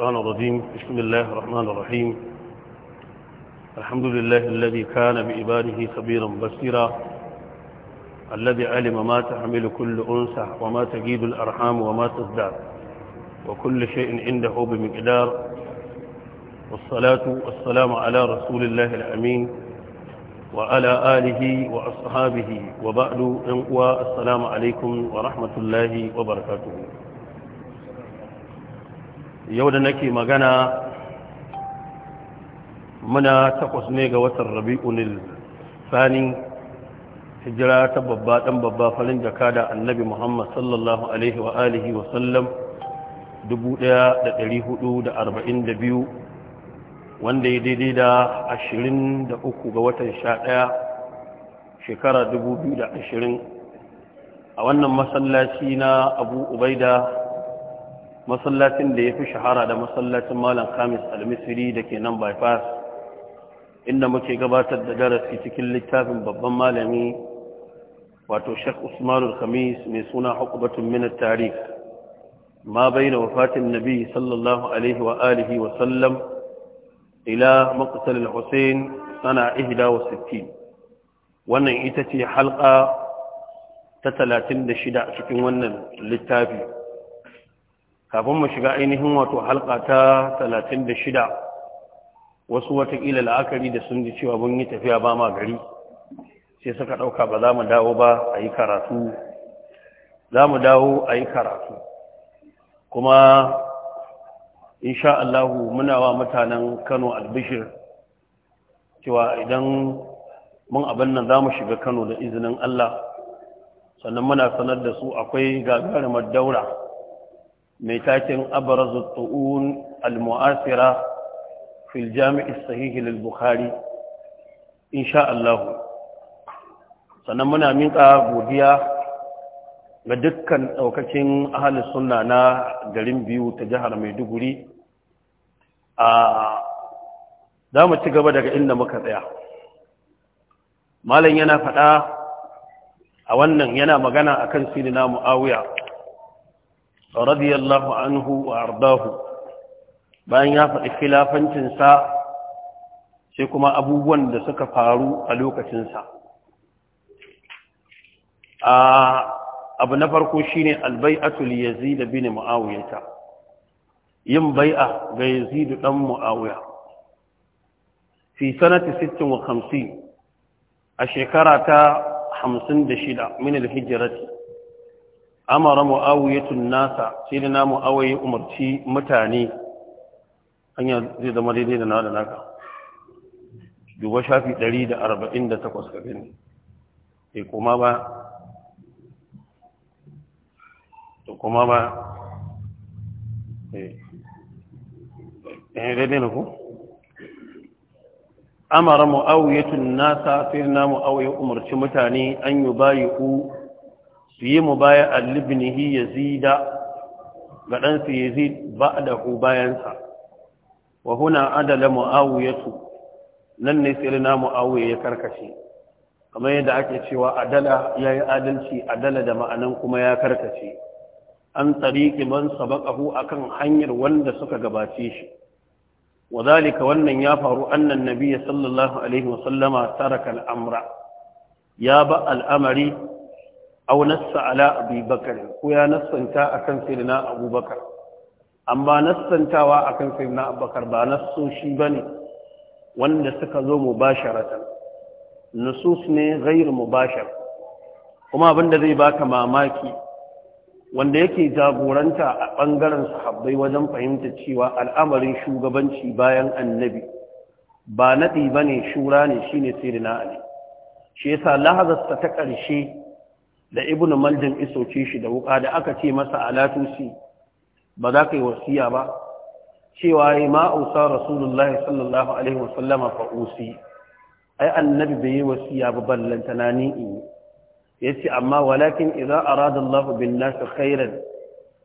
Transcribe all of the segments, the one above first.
الشيطان الرجيم بسم الله الرحمن الرحيم الحمد لله الذي كان بإباده خبيرا بصيرا الذي علم ما تحمل كل أنثى وما تجيد الأرحام وما تزداد وكل شيء عنده بمقدار والصلاة والسلام على رسول الله الأمين وعلى آله وأصحابه وبعد السلام عليكم ورحمة الله وبركاته yau da nake magana muna takwas ne ga watan rabi'unil sani hijira ta babba dan babba farin jaka da annabi muhammad sallallahu alaihi wa alihi wa sallam 1442 wanda ya daidai da 23 ga watan 11 shekara 2020 a wannan masallaci na abu ubaida masallacin da ya fi shahara da masallacin malam kamis almisiri da ke nan bypass inda muke gabatar da darasi cikin littafin babban malami wato shek usmanul khamis mai suna hukubatun minar tarih ma bai da wafatin nabi sallallahu alaihi wa alihi wa sallam ila maqtal hussein sana ihda wa sittin wannan ita ce halka ta talatin da shida cikin wannan littafi kafin mu shiga ainihin wato halka ta 36 wasu watakila la'akari da sun ji cewa mun yi tafiya ba ma gari sai suka ɗauka ba za mu dawo ba a yi karatu za mu dawo a yi karatu kuma insha Allahu muna wa mutanen Kano albishir cewa idan mun abin nan za mu shiga Kano da izinin Allah sannan muna sanar da su akwai gagarumar daura mai takin abarazu tu'un al-mu'asira fil jami'i sahihi lil bukhari insha Allah sannan muna minka godiya ga dukkan daukacin ahlus sunna na garin biyu ta jihar Maiduguri a za mu ci gaba daga inda muka tsaya malam yana faɗa a wannan yana magana akan sirina mu'awiya radiyallahu anhu wa ardahu bayan ya faɗi khilafancinsa sai kuma abubuwan da suka faru a lokacinsa abu na farko shine albai'atul yazid bin muawiyah yin bai'a ga yazid dan muawiya fi sanati 56 a shekara ta 56 min al-hijrati amara mu'awiyatun nasa sai da na mu'awayi umarci mutane hanya zai zama daidai da na da naka duba shafi 148 kafin gani sai eh, kuma ba to kuma ba eh, eh daidai na ku amara mu'awiyatun nasa sai na mu'awayi umarci mutane an yi bayi ku su yi mu baya allibnihi yazida ga ɗansa yazid ba da ku bayansa wa huna adala mu'awiyatu nan ne sai na mu'awiya ya karkashe kamar yadda ake cewa adala ya yi adalci adala da ma'anan kuma ya karkace an tsariki man a akan hanyar wanda suka gabace shi Wazalika wannan ya faru annan nabiyyi sallallahu alaihi wasallama taraka al'amra ya ba al'amari au nassa ala abi ko ya nassanta akan sayyidina abubakar amma nassantawa akan sayyidina abubakar ba nasso shi bane wanda suka zo mubasharatan nusus ne ghairu mubashar kuma abinda zai baka mamaki wanda yake jagoranta a ɓangaren sahabbai wajen fahimta cewa al'amarin shugabanci bayan annabi ba naɗi ba ne shura ne shi ne sai da shi yasa lahazarsa ta ƙarshe da ibnu maljin isoce shi da wuka da aka ce masa alatusi ba za ka yi wasiya ba cewa yi ma'ausa rasulullahi sallallahu alaihi wasallama fa'usi ai annabi bai yi wasiya ba ballanta na ni'i ya ce amma walakin idan arada Allah bin nasu khairan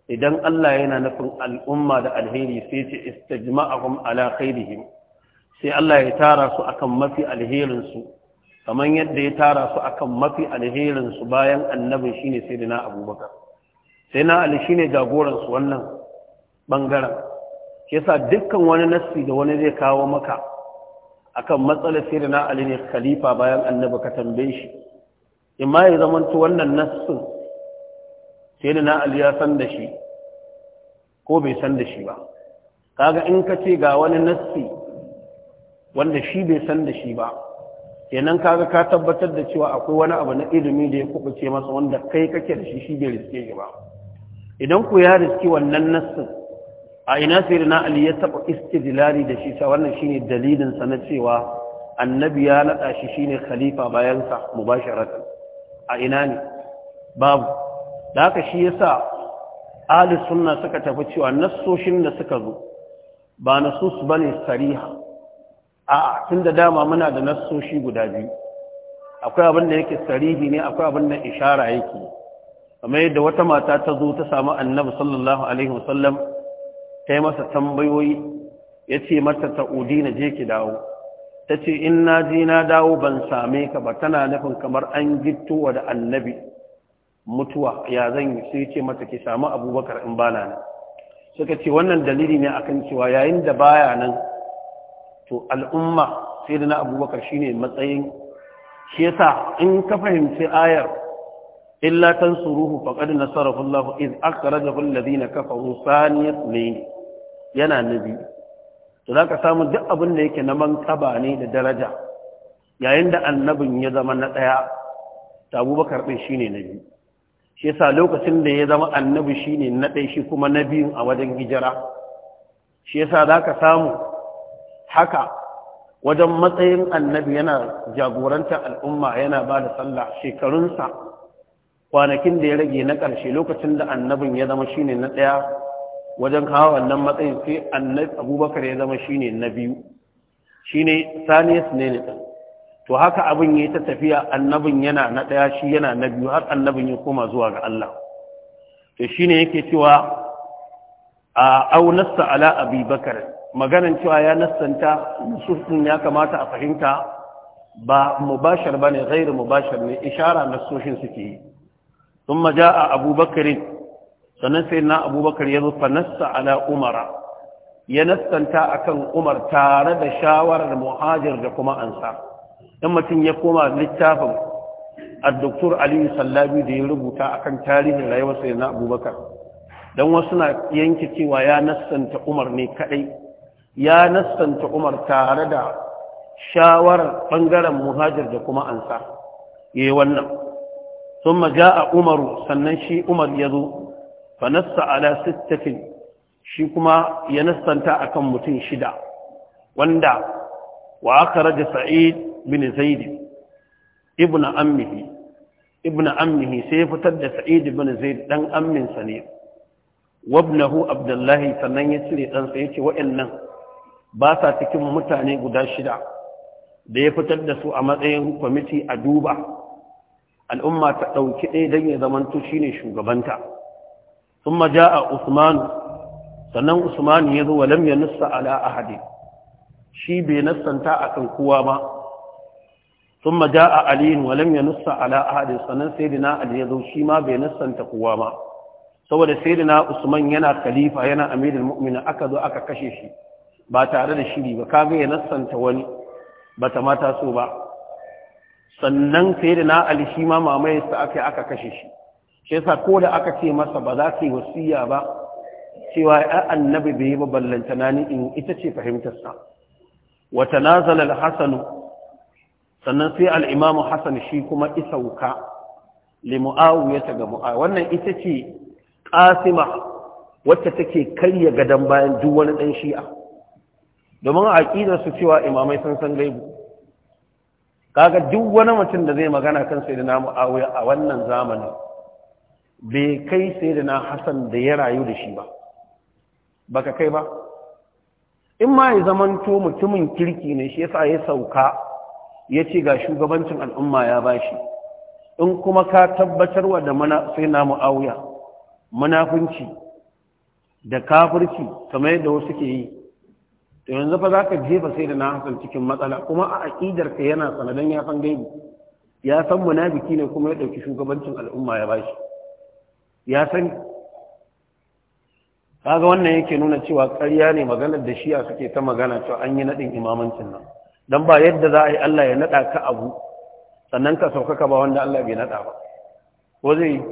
idan Allah yana nufin al'umma da alheri sai ce istajma'ahum ala khairihim sai Allah ya tara su akan mafi alherinsu kamar yadda ya tara su akan mafi alherin su bayan annabin shine sayyidina abubakar na ali shine jagoran su wannan bangaren yasa dukkan wani nassi da wani zai kawo maka akan matsalar sayyidina ali ne khalifa bayan annabi ka tambaye shi ma ya zamanto wannan nassin sayyidina ali ya san da shi ko bai san da shi ba kaga in ka ce ga wani nassi wanda shi bai san da shi ba kenan kaga ka tabbatar da cewa akwai wani abu na ilimi da ya kubuce masa wanda kai kake da shi shi riske shi ba idan ku ya riske wannan nassin a ina na ali ya taɓa iske dilali da shi sa wannan shine dalilin sa na cewa annabi ya naɗa shi shine khalifa bayan sa mubasharatan a ina ne babu da haka shi yasa ahli sunna suka tafi cewa nassoshin da suka zo ba nasus bane sariha a'a tun da dama muna da nassoshi guda biyu akwai abin da yake sarihi ne akwai abin da ishara yake kamar yadda wata mata ta zo ta samu annabi sallallahu alaihi wasallam ta yi masa tambayoyi ya ce mata udi na je ki dawo ta ce in na je na dawo ban same ka ba tana nufin kamar an wa da annabi mutuwa ya zan yi sai ce mata ki samu abubakar in bana nan suka ce wannan dalili ne akan cewa yayin da baya nan to al'umma sai da na abubakar shi ne matsayin shi yasa in ka fahimci ayar illa tan suruhu faƙad na sarrafin iz aka raja kullazi na kafa rusaniyar ne yana nabi to za ka samu duk abin da yake na mankaba ne da daraja yayin da annabin ya zama na ɗaya ta abubakar ɗin shi ne nabi shi yasa lokacin da ya zama annabi shi ne na ɗaya shi kuma na biyun a wajen hijira shi yasa za ka samu haka wajen matsayin annabi yana jagorantar al'umma yana ba da sallah shekarunsa kwanakin da ya rage na ƙarshe lokacin da annabin ya zama shine na ɗaya wajen kawo wannan matsayin sai annabi abubakar ya zama shine na biyu shine saniyas ne ne to haka abin ya yi ta tafiya annabin yana na ɗaya shi yana na biyu har annabin ya koma zuwa ga Allah to shine yake cewa a aunasta ala abubakar maganan cewa ya nassanta nusus ya kamata a fahimta ba mubashar bane ghairu mubashar ne ishara nassoshin suke yi thumma a abubakar sannan sai na abubakar ya zo fa nassa ala umara ya nassanta kan umar tare da shawarar muhajir da kuma ansa. dan mutum ya koma littafin a doktor aliyu sallabi da ya rubuta akan tarihin rayuwarsa na abubakar dan wasu na yanke cewa ya nassanta umar ne kadai ya nastanta umar tare da shawarar ɓangaren muhajir da kuma ansa yi wannan sun maja a umaru sannan shi umar ya zo fa nasta ala sittatin shi kuma ya a akan mutum shida wanda wa aka raja sa'id bin zaidi ibn ammihi ibn ammihi sai ya fitar da sa'id bin zaid dan amminsa ne wabnahu abdullahi sannan ya cire ɗansa ya ce wa'annan ba sa cikin mutane guda shida da ya fitar da su a matsayin kwamiti a duba al'umma ta ɗauki ɗaya don ya zamanto shi ne shugabanta sun maja a usmanu sannan usmanu ya zo walam ya nusa ala hade shi bai nassanta a kan kowa ba sun maja a aliyin walam ya nusa ala hade sannan sai dina ali ya zo shi ma bai nassanta kowa ba saboda sai dina usman yana khalifa yana amirin mu'mina aka zo aka kashe shi ba tare da shiri ba kaga ya nassanta wani bata mata so ba sannan sai da na ali shi ma mamayarsa aka aka kashe shi shi yasa ko da aka ce masa ba za ka yi wasiya ba cewa ya annabi bai yi ballanta na ni in ita ce fahimtarsa wa tanazala al-hasan sannan sai al-imamu hasan shi kuma isauka li muawiyata ga muawiya wannan ita ce qasima wacce take karya gadan bayan duk wani dan shi'a domin a aqidar su cewa imamai sun san gaibu kaga duk wani mutum da zai magana kan na Muawiya a wannan zamanin bai kai na Hassan da ya rayu da shi ba Ba ka kai ba in ma ya zamanto mutumin kirki ne shi yasa ya sauka ya ce ga shugabancin al'umma ya bashi in kuma ka tabbatar wa da mana na Muawiya munafunci da kafirci kamar yadda wasu ke yi to yanzu fa za ka jefa sai da na hasan cikin matsala kuma a aqidar ka yana sanadan ya san gaibi ya san munafiki ne kuma ya ɗauki shugabancin al'umma ya bashi ya san kaga wannan yake nuna cewa ƙarya ne maganar da a suke ta magana cewa an yi nadin imamancin nan dan ba yadda za a yi Allah ya nada ka abu sannan ka saukaka ba wanda Allah bai nada ba ko zai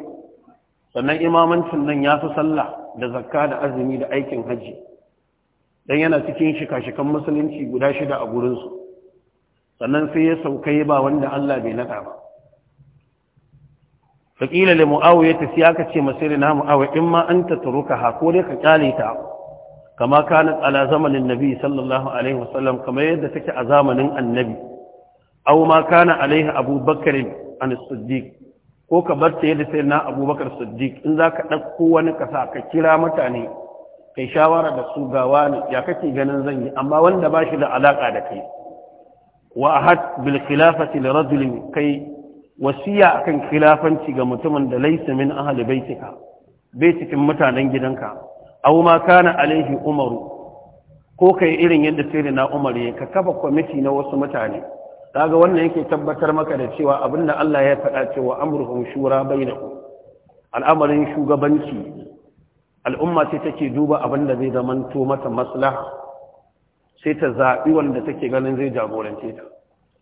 sannan imamancin nan ya fi sallah da zakka da azumi da aikin hajji. dan yana cikin shika-shikan musulunci guda shida a gurinsu sannan sai ya saukai ba wanda Allah bai naɗa ba faƙila da mu'awiyar ta siya ka ce masiri na mu'awiyar in ma an ta turuka ha ko dai ka kyale ta kama kana ala zamanin nabi sallallahu alaihi wasallam kamar yadda take a zamanin annabi aw ma kana alaihi abubakar an siddiq ko ka bar ta yadda sai na abubakar siddiq in za ka ɗauko wani kasa ka kira mutane kai shawara da su gawa ne ya kake ganin zan yi amma wanda ba shi da alaƙa da kai wa ahad bil khilafati li rajulin kai wasiya akan khilafanci ga mutumin da laysa min ahli baitika bai cikin mutanen gidanka aw ma kana alaihi umaru ko kai irin yadda sai na umar ya ka kafa kwamiti na wasu mutane kaga wannan yake tabbatar maka da cewa abinda Allah ya faɗa cewa amruhum shura bainakum al'amarin shugabanci al'umma sai take duba abin da zai zamanto mata maslaha sai ta zaɓi wanda take ganin zai jagorance ta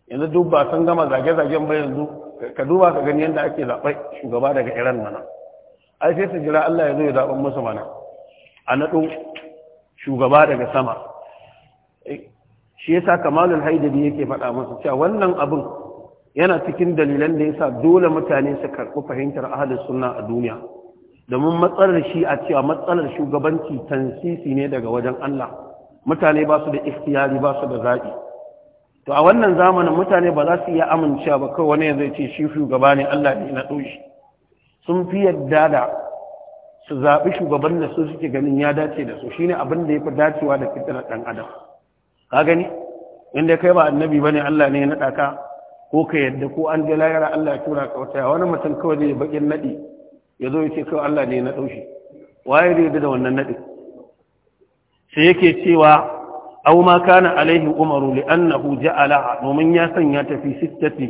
yanzu duk ba san gama zage-zagen ba yanzu ka duba ka gani yadda ake zaɓar shugaba daga iran mana ai sai su jira allah ya zo ya zaɓen musu mana a naɗo shugaba daga sama eh, shi yasa kamalul haidari yake faɗa masa cewa wannan abin yana cikin dalilan da yasa dole mutane su karɓi fahimtar ahalin sunna a duniya domin matsalar shi a cewa matsalar shugabanci tansisi ne daga wajen Allah mutane ba su da ikhtiyari ba su da zaɓi to a wannan zamanin mutane ba za su iya amincewa ba kawai wani zai ce shi shugaba ne Allah ne na ɗoshi sun fi yadda da su zaɓi shugaban da su suke ganin ya dace da su shine abin da ya fi dacewa da fitilar ɗan adam ka gani inda kai ba annabi bane Allah ne ya naɗa ka ko ka yadda ko an ga layara Allah ya tura ka wata wani mutum kawai zai baƙin naɗi ya zo yake kawai Allah ne na ɗaushi waye da yadda da wannan naɗin sai yake cewa au ma kana alaihi umaru li annahu ja'ala domin ya sanya ta fi sittati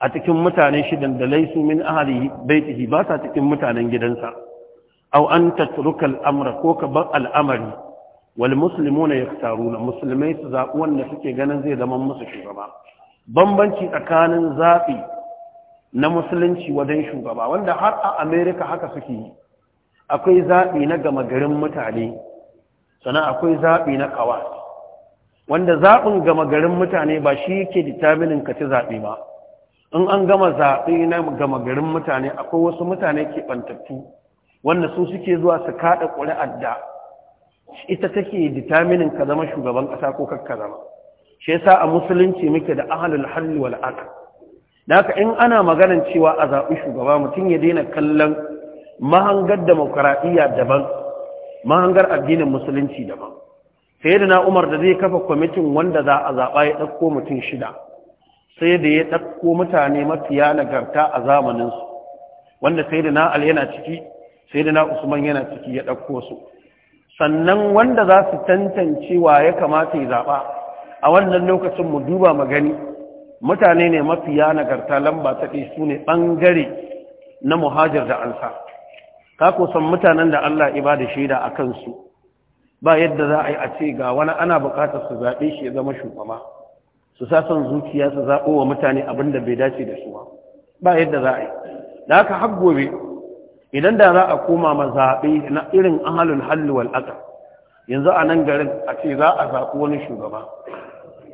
a cikin mutane shidan da laisu min ahli baitihi ba sa cikin mutanen gidansa au an tatruka al'amra ko ka bar al'amari wal muslimuna yaktaruna musulmai su zaɓi wanda suke ganin zai zama musu shugaba bambanci tsakanin zaɓi na musulunci wajen shugaba wanda har a amerika haka suke yi akwai zaɓi na gama garin mutane sannan akwai zaɓi na kawa wanda zaɓin gama garin mutane ba shi yake ditaminin ka ci zaɓe ba in an gama zaɓe na gama garin mutane akwai wasu mutane ke ɓantattu, wanda su suke zuwa su kaɗa ƙuri'ar da ita take ditaminin ka zama shugaban ƙasa ko kakka zama shi yasa a musulunci muke da ahalul halli wal aqd haka in ana maganan cewa a zaɓi shugaba mutum ya daina kallon mahangar demokaraɗiyya daban mahangar addinin musulunci daban sai da na umar da zai kafa kwamitin wanda za a zaɓa ya ɗauko mutum shida sai da ya ɗauko mutane mafiya nagarta a zamaninsu wanda sai da na al yana ciki sai da na usman yana ciki ya ɗauko su sannan wanda za su tantancewa ya kamata ya zaɓa a wannan lokacin mu duba magani mutane ne mafiya nagarta lamba ta ɗi su ne ɓangare na muhajar da ansa ka kusan mutanen da Allah iba da shaida a kansu ba yadda za a yi a ce ga wani ana buƙatar su zaɓe shi ya zama shugaba su sa son zuciya su zaɓo wa mutane abin da bai dace da su ba yadda za a yi da haka har gobe idan da za a koma ma zaɓe na irin ahalul hallu aka, yanzu a nan garin a ce za a zaɓi wani shugaba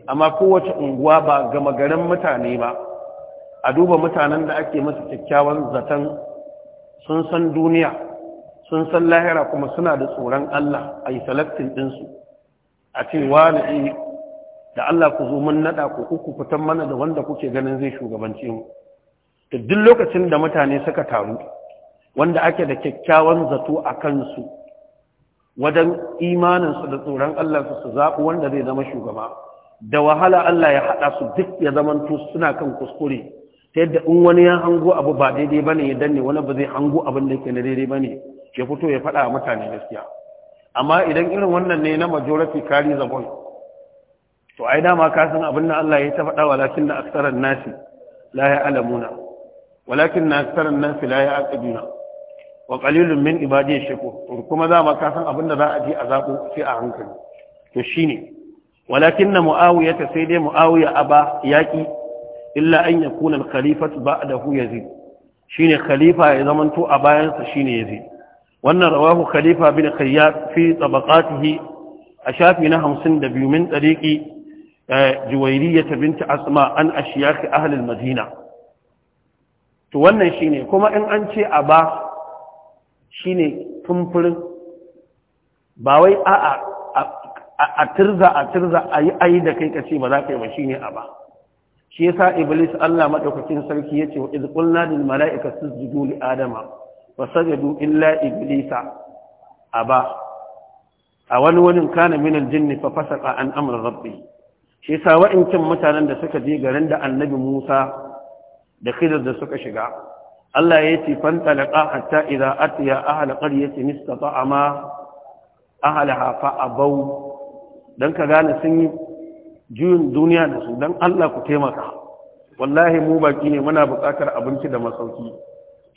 amma kowace unguwa ba gama garin mutane ba a duba mutanen da ake masa kyakkyawan zaton sun san duniya sun san lahira kuma suna da tsoron Allah a yi salatin ɗinsu a ce wani eh, da Allah ku zo mun naɗa ku uku fitan mana da wanda kuke ganin zai shugabance mu da duk lokacin da mutane suka taru wanda ake da kyakkyawan zato a kansu wajen imaninsu da tsoron Allah su zaɓi wanda zai zama shugaba da wahala Allah ya haɗa su duk ya to suna kan kuskure ta yadda in wani ya hango abu ba daidai bane ya danne wani ba zai hango abin da yake na daidai bane ya fito ya faɗa mutane gaskiya amma idan irin wannan ne na majority kari zabon to ai dama ka san abin da Allah ya ta faɗa walakin da aksaran nasi la ya'lamuna walakin na aksaran nasi la ya'qiluna wa qalilun min ibadiy shakur kuma dama ka san abin da za a ji a zabo sai a hankali to shine walakin na mu'awiya ta sai dai mu'awiya a ba yaƙi illa an ya kunan khalifatu ba da hu khalifa ya zamanto a bayansa shi ne yazid wannan rawahu khalifa bin khayyar fi tsabakatihi a shafi na hamsin da biyu min tsariki eh, juwairiyya ta binta asma an ashiyaki ahalin madina to wannan shine kuma in an ce a ba shine tumfurin ba wai a'a a tirza a tirza a yi ayi da kai kace ba za ka yi ba shine a ba shi yasa iblis Allah madaukakin sarki yace wa idh qulna lil mala'ika isjudu li adama fasajadu illa iblisa aba a wani wani kana min aljinni fa fasaqa an amri rabbi shi yasa wa'incin mutanen da suka je garin da annabi Musa da Khidir da suka shiga Allah ya ce fantalaqa hatta idza atiya ahla qaryati mistata'a ma ahlaha fa abaw don ka gane sun yi juyin duniya da su don Allah ku taimaka wallahi mu baki ne muna buƙatar abinci da masauki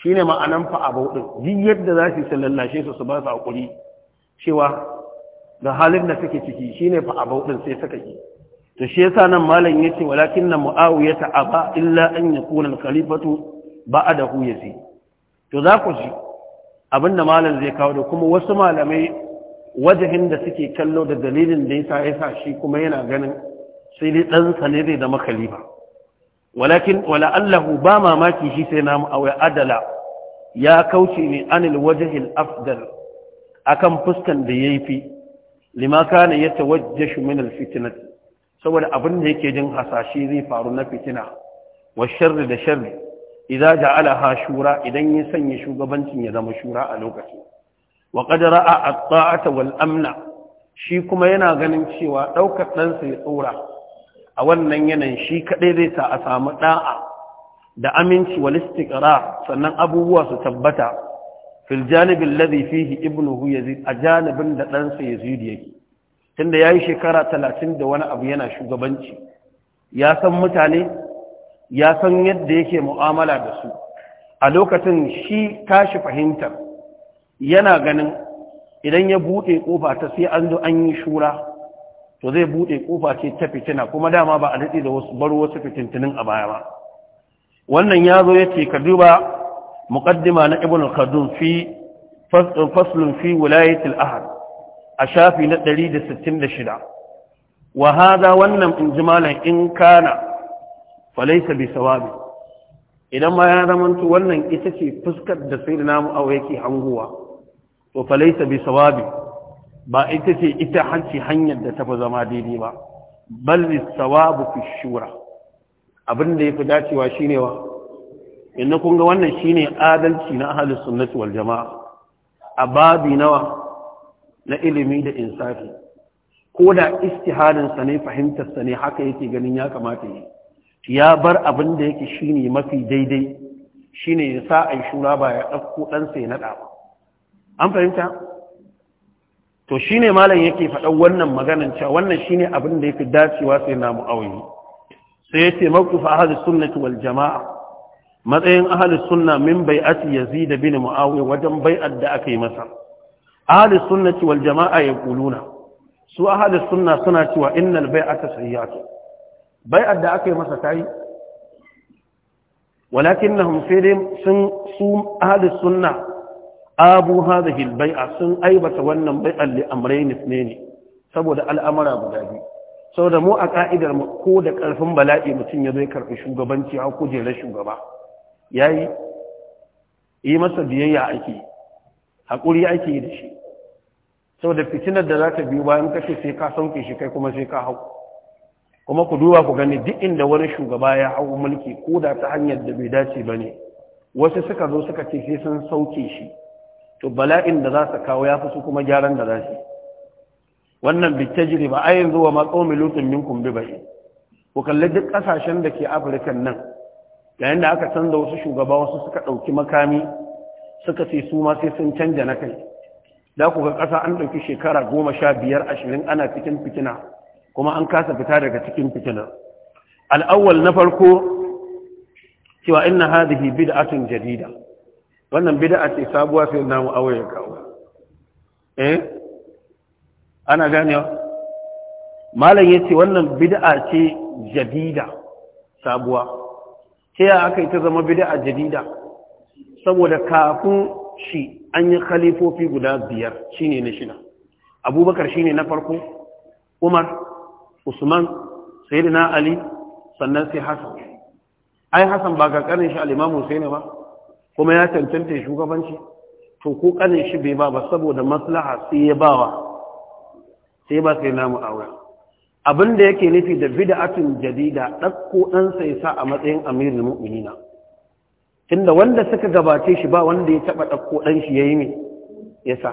shi ne ma'anan fa abu ɗin yi yadda za su sallallashe su su ba su haƙuri cewa da halin da suke ciki shi ne fa abu ɗin sai suka yi to shi yasa nan malam ya ce walakin na mu'awiya ta aba illa an ya kunan khalifatu ba a da to za ku ji abin da malam zai kawo da kuma wasu malamai wajahin da suke kallo da dalilin da yasa yasa shi kuma yana ganin sai dai dan ne zai zama khalifa walakin wala allahu ba mamaki shi sai namu aw adala ya kauce ne anil wajhil afdal akan fuskan da yayi fi lima kana yatawajjashu min al fitnati saboda abin da yake jin hasashe zai faru na fitina wa sharri da sharri idan ja'alaha shura idan ya sanya shugabancin ya zama shura a lokaci wa qad a at-ta'ata wal amna shi kuma yana ganin cewa ɗaukar ɗansa ya tsora a wannan yanayin shi kadai zai sa a samu da'a da aminci wal istiqrar sannan abubuwa su tabbata fil janib alladhi fihi ibnuhu yazid a janibin da ɗansa yazid yake tunda ya yi shekara talatin da wani abu yana shugabanci ya san mutane ya san yadda yake mu'amala da su a lokacin shi tashi fahimtar yana ganin idan ya buɗe ƙofa ta sai an zo an yi shura to zai buɗe ƙofa ce ta fitina kuma dama ba a daɗe da wasu baro wasu fitintunin a baya ba wannan ya zo ya ce ka duba muƙaddima na ibn khadun fi faslun fi wilayatul ahad a shafi na 166 wa hada wannan injimalan in kana falaisa bi sawabi idan ma ya zamanto wannan ita ce fuskar da sai da namu awa yake hanguwa wa falaita bi sawabi ba ita ce ita hanci hanyar da tafi zama daidai ba bal sawabu fi shura abin da yafi dacewa shine wa inna kun ga wannan shine adalci na ahli sunnati wal jamaa Ababi babi nawa na ilimi da insafi ko da istihadan sa ne fahimtar sa ne haka yake ganin ya kamata yi ya bar abin da yake shine mafi daidai shine ya sa ai shura ba ya dauko dan sai na ba an fahimta to shi ne malam yake faɗa wannan maganan cewa wannan shi ne abin da fi dacewa sai na mu'awiyi sai ya ce, yace mawqif ahli sunnati wal jamaa matsayin ahli sunna min bai ya zi da bin mu'awiya wajen bai'ar da aka yi masa ahli sunnati wal jamaa ya yaquluna su ahli sunna suna cewa innal bai'ata sayyatu bai'ar da aka yi masa yi? tayi na sai dai sun su ahli sunna abu hadhihi al-bai'a sun aibata wannan bai'an li amrayn ne saboda al'amara guda biyu saboda mu a ka'idar mu ko da karfin bala'i mutum ya zo ya karbi shugabanci a kujerar shugaba yayi yi masa biyayya ake hakuri ake da shi saboda fitinar da za ta biyu bayan kashe sai ka sauke shi kai kuma sai ka hau kuma ku duba ku gani duk inda wani shugaba ya hau mulki ko da ta hanyar da bai dace ba ne wasu suka zo suka ce sai sun sauke shi to bala'in da za su kawo ya fi su kuma gyaran da za su wannan jiri ba a yanzu wa matsomi lutun kumbi ba bai ku kalli duk kasashen da ke afirka nan yayin da aka canza wasu shugaba wasu suka ɗauki makami suka ce su ma sai sun canja na kai da ku ga ƙasa an ɗauki shekara goma sha biyar ashirin ana cikin fitina kuma an kasa fita daga cikin fitina al'awwal na farko cewa inna hadhihi bid'atun jadida wannan bid'a ce sabuwa sai na mu ya kawo eh ana ganewa malam ce wannan bid'a ce jadida sabuwa sai ya aka yi ta zama bid'a jadida saboda kafin shi an yi khalifofi guda biyar shine na shida abubakar shine na farko umar usman sayyidina ali sannan sai hasan ai hasan ba ga karin shi al sai ne ba kuma ya cancanta shugabanci to ko kanin shi bai ba ba saboda maslaha sai ya bawa sai ba sai namu aure abin da yake nufi da bid'atun jadida dakko dan sai sa a matsayin amirul mu'minina tunda wanda suka gabace shi ba wanda ya taba dakko dan shi yayi me yasa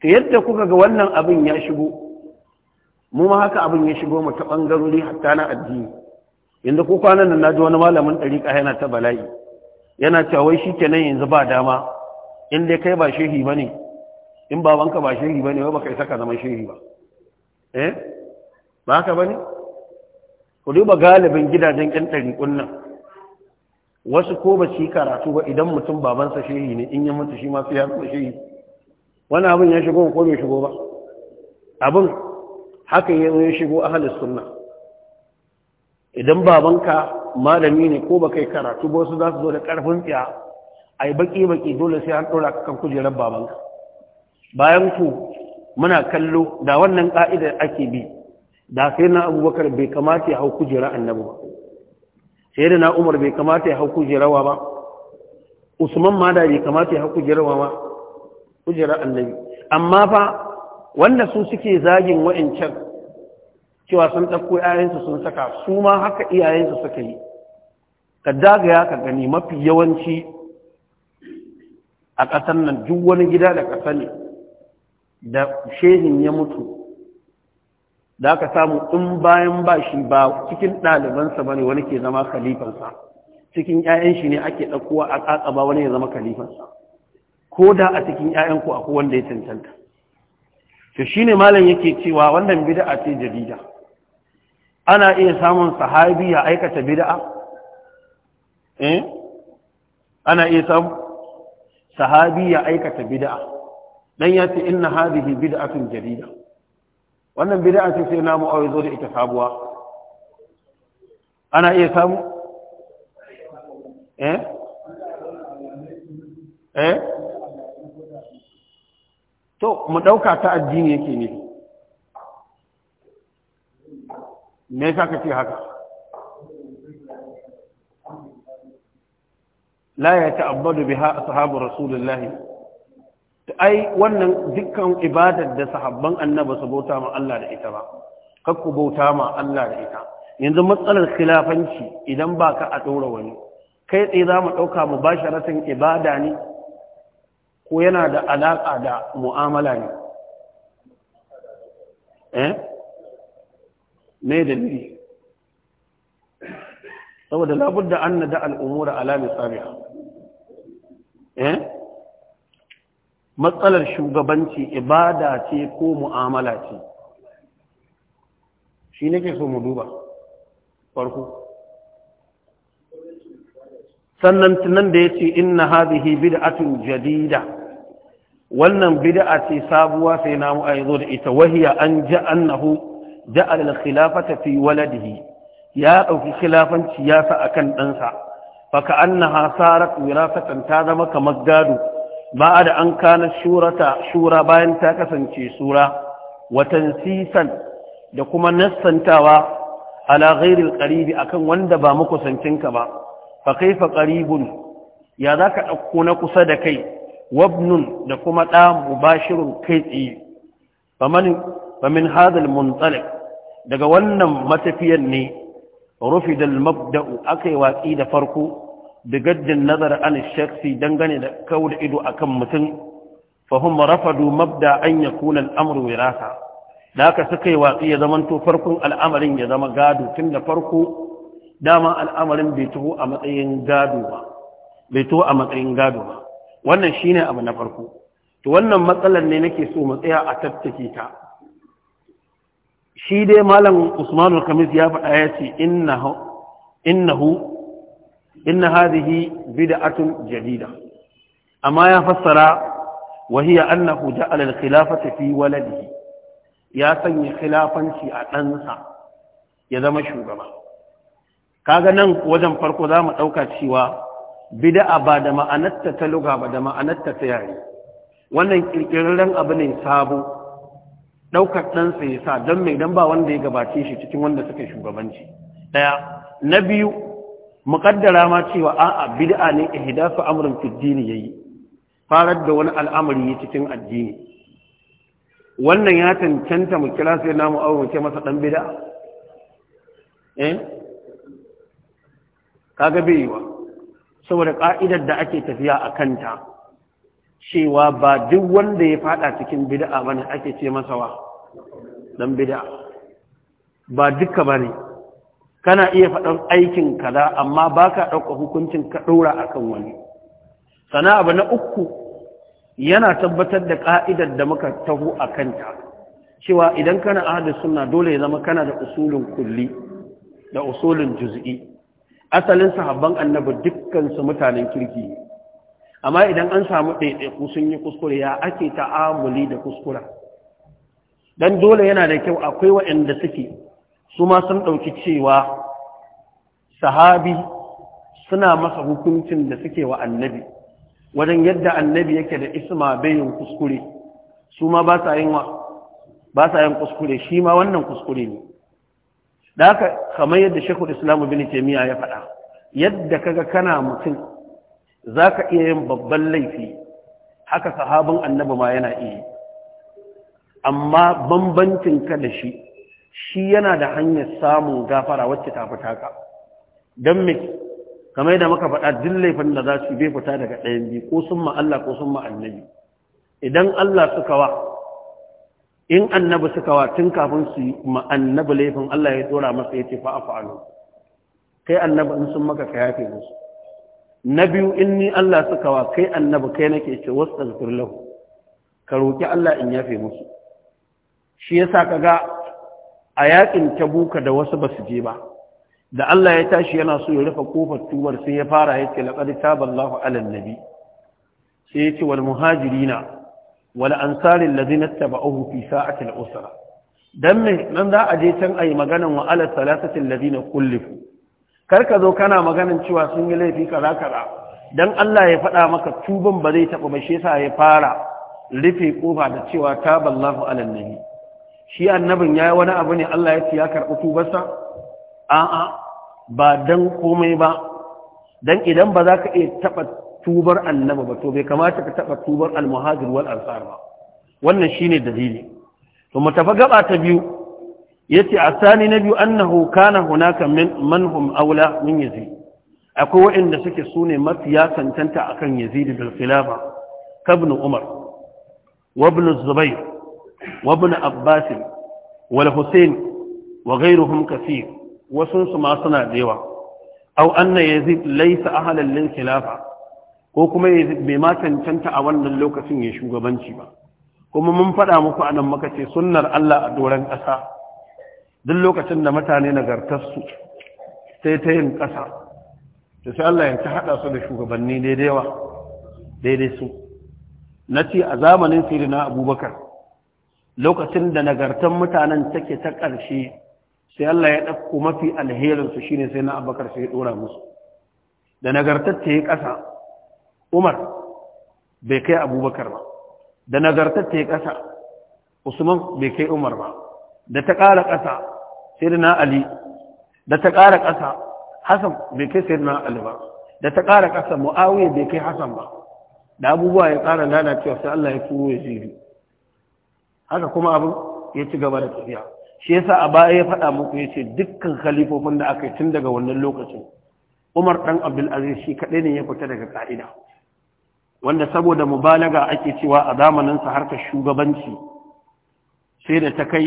to yadda kuka ga wannan abin ya shigo mu ma haka abin ya shigo mu ta bangarori hatta na addini yanda ko kwanan nan naji wani malamin dariqa yana ta bala'i yana cewa wai shi kenan yanzu ba dama in dai kai ba shehi ba ne in babanka ba shehi ba ne wai ba kai saka zaman shehi ba eh ba haka ba ne ku duba galibin gidajen ƴan ɗariƙun nan wasu ko ba su karatu ba idan mutum babansa shehi ne in ya mutu shi ma fi ya zama shehi wani abin ya shigo ko bai shigo ba abin haka ya shigo ahalus sunna idan babanka malami ne ko ba kai karatu ba su za su zo da karfin tsiya a yi baki-baki dole sai an ɗora kan kujerar babanka bayan ku muna kallo da wannan ƙa'ida ake bi da sai na abubakar bai kamata ya hau kujera annabi ba sai da na umar bai kamata ya hau kujerawa ba usman ma da bai kamata ya hau kujerawa ba kujera annabi amma fa wanda su suke zagin wa'ancan cewa sun ɗauko ‘ya'yansu sun saka su ma haka iyayensu suka yi ka dagaya ka gani mafi yawanci a ƙasar nan duk wani gida da ƙasa ne da shehin ya mutu da aka samu in bayan ba shi ba cikin ɗalibansa ba ne wani ke zama kalifansa. cikin ‘ya'yan shi ne ake ɗaukowa a ƙaƙa ba wani ya zama kalifansa. ko da a cikin ‘ya'yan ku wanda ya cancanta to ne malam yake cewa wannan bid'a ce jarida ana iya samun sahabi ya aikata bid'a eh ana iya samun sahabi ya aikata bid'a dan ya ce inna hadhihi bid'atun jadida wannan bid'a ce sai namu awai zo da ita sabuwa ana iya samu eh eh to mu dauka ta addini yake ne me yasa ka ce haka la ya ta'abbadu biha ashabu rasulillahi ai wannan dukkan ibadar da sahabban annabi su bauta ma Allah da ita ba kar ku bauta ma Allah da ita yanzu matsalar khilafanci idan ba ka a ɗora wani kai tsaye za mu ɗauka mu ba sharatin ibada ne ko yana da alaƙa da mu'amala ne eh me dalili saboda labudda an nada al'umura ala misaliha eh matsalar shugabanci ibada ce ko mu'amala ce shi nake so mu duba farko sannan nan da yace inna hadhihi bid'atun jadida wannan bid'a ce sabuwa sai na mu zo da ita wahiya an ji annahu ja'al al-khilafata fi waladihi ya dauki khilafanci ya sa akan ɗansa fa annaha sarat wirasatan ta zama kamar gado ba da an kana shurata shura bayan ta kasance sura wa tansisan da kuma nassantawa ala al qaribi akan wanda ba makusancinka ba fa kaifa qaribun ya zaka dauko na kusa da kai wabnun da kuma da mubashirun kai tsi faman famin hadal muntsalik daga wannan matafiyan ne rufi da mabda'u aka yi watsi da farko da gaddin nazar an shaksi dangane da kawo da ido akan mutum fahim rafadu mabda an ya kunan amru da aka suka yi watsi ya zamanto farkon al'amarin ya zama gado tun da farko dama al'amarin bai taho a matsayin gado ba bai taho a matsayin gado ba wannan shine abu na farko to wannan matsalar ne nake so mu tsaya a tattake ta shi dai malam usmanu kamis ya faɗa ya ce innahu inna hadhihi bid'atun jadida amma ya fassara وهي أنه جعل الخلافة في ولده يا سني خلافا شيء أنسى يذم شوغبا kaga nan wajen farko za mu ɗauka cewa bida'a ba da ma'anarta ta luga ba da ma'anarta ta yare wannan ƙirƙirarren abu ne sabo ɗaukar ɗansa ya sa don mai don ba wanda ya gabace shi cikin wanda suka shugabanci ɗaya na biyu muƙaddara ma cewa a'a bid'a ne ihdasu fi fiddini yayi farar da wani al'amari cikin addini wannan ya cancanta mu kira sai namu aure mu ce masa dan bid'a eh kaga bai saboda ka'idar da ake tafiya a kanta cewa ba duk wanda ya fada cikin bid'a bane ake ce masa wa dan bid'a ba duka bane kana iya faɗan aikin kaza amma baka ɗauka hukuncin ka ɗora akan wani sana abu na uku yana tabbatar da ka'idar da muka taho a kanta cewa idan kana ahadu sunna dole ya zama kana da usulin kulli da usulin juz'i asalin sahabban annabi dukkan su mutanen kirki amma idan an samu ɗaiɗaiku sun yi kuskure ya ake ta'amuli da kuskura dan dole yana da kyau akwai waɗanda suke su ma sun ɗauki cewa sahabi suna masa hukuncin da suke wa annabi wajen yadda annabi yake da isma bayin kuskure su ma ba sa yin kuskure shi ma wannan kuskure ne da haka kamar yadda shekul islamu bin temiya ya faɗa yadda kaga kana mutum za ka iya yin babban laifi haka sahabin annabi ma yana iya amma bambancin ka da shi shi yana da hanyar samun gafara wacce ta fita ka don me kamar da muka faɗa duk laifin da za su bai fita daga ɗayan biyu ko sun ma Allah ko sun ma annabi idan Allah suka wa in annabi suka wa tun kafin su yi ma annabi laifin Allah ya tsora masa ya ce fa kai annabi in sun maka ka yafe musu na biyu in ni Allah suka wa kai annabi kai nake ce wastaghfir lahu ka roki Allah in yafe musu shi yasa kaga a yakin tabuka da wasu basu je ba da Allah ya tashi yana so ya rufe kofar tubar sai ya fara yace laqad taballahu ala nabi sai yace wal muhajirina wal ansari alladhina tabauhu fi sa'ati al usra dan me nan za a je can ayi maganan wa ala salatati alladhina kullifu kar ka zo kana maganin cewa sun yi laifi kaza kaza dan Allah ya faɗa maka tuban ba zai taɓa ba shi yasa ya fara rufe kofa da cewa ta ballahu nabi shi annabin yi wani abu ne Allah ya ce ya karɓi tubarsa a'a ba don komai ba Don idan ba za ka iya taɓa tubar annaba ba to bai kamata ka taɓa tubar almuhajir wal ansar ba wannan shine dalili to mu tafi gaba ta biyu yace asani na biyu annahu kana hunaka min manhum aula min yazi. akwai waɗanda suke sune mafiya cancanta akan yazid da khilafa kabnu umar wa ibn zubayr wa ibn abbas wal husayn wa ghayruhum kaseer su ma suna da yawa aw anna yazid laysa ahlan lil khilafa ko kuma yazid bai ma tantanta a wannan lokacin ya shugabanci ba kuma mun faɗa muku anan muka ce sunnar Allah a doran ƙasa duk lokacin da mutane nagartarsu sai ta yin ƙasa da sai Allah ya haɗa su da shugabanni daidaiwa daidai su na ce a zamanin siri na abubakar lokacin da nagartar mutanen take ta ƙarshe sai Allah ya ɗauko mafi alherinsu ne sai na abubakar sai ya ɗora musu da nagartar ta yi ƙasa umar bai kai abubakar ba da nagartar ta yi ƙasa usman bai kai umar ba da ta ƙara ƙasa sirna ali da ta ƙara ƙasa Hassan bai kai sirna ali ba da ta ƙara ƙasa mu'awiya bai kai Hassan ba da abubuwa ya ƙara lalacewa sai Allah ya turo ya jiri haka kuma abin ya ci gaba da tafiya shi yasa a baya ya faɗa muku ya ce dukkan khalifofin da aka yi tun daga wannan lokacin umar ɗan abdulaziz shi kaɗai ne ya fita daga ƙa'ida wanda saboda mubalaga ake cewa a zamaninsa harkar shugabanci sai da ta kai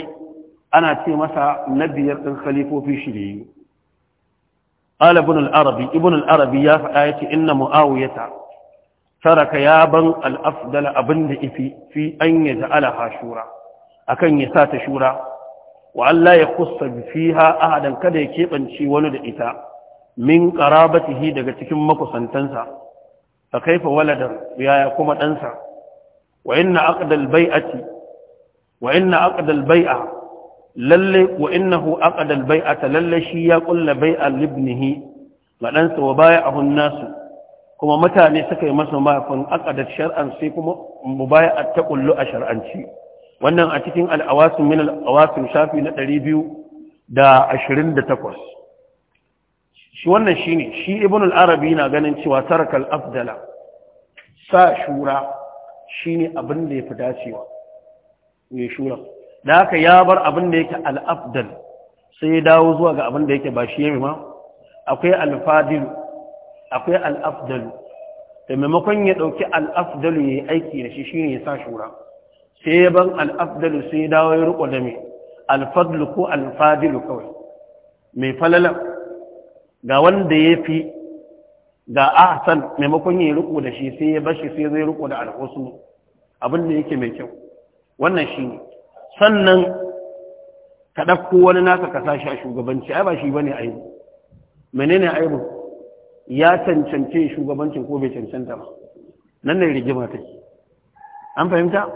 ana ce masa na biyar ɗin khalifofi shiriyu ibn al-arabi ya faɗa ya ce ina mu'awiyar ta saraka ya ban al'afdala abinda da ifi fi an yi za'ala ha shura Akan kan sa ta shura wa Allah ya kusa fi ha ahadan kada ya keɓance wani da ita min ƙarabatihi daga cikin makusantansa ta kaifa waladar ya kuma ɗansa wa ina aƙadal bai'ati wa ina bai'a lalle wa innahu aqada al-bai'ata lalle shi ya kulla bai'a libnihi ga dan sa wa bai'ahu nasu kuma mutane suka yi masa mafin aqada shar'an sai kuma mubaya'at ta kullu a shar'anci wannan a cikin al-awasim min al-awasim shafi na 228 shi wannan shine shi ibn al-arabi na ganin cewa tarakal afdala sa shura shine abin da ya fi dacewa ya shura da haka ya bar abin da yake al’afdal sai ya dawo zuwa ga abin da yake ba shi ya ma akwai alfadil akwai al’afdal da maimakon ya ɗauki al’afdal ya yi aiki da shi shi ne ya sa shura sai ya ban al’afdal sai ya dawo ya riko da mai alfadil ko alfadil kawai mai falala ga wanda ya fi ga ahsan maimakon ya riƙo da shi sai ya bashi sai zai riko da alhusu abin da yake mai kyau wannan shi ne sannan ka ɗauko wani naka ka sashi a shugabanci ai ba shi bane aibu menene aibu ya cancance shugabancin ko bai cancanta ba nan ne rigima take an fahimta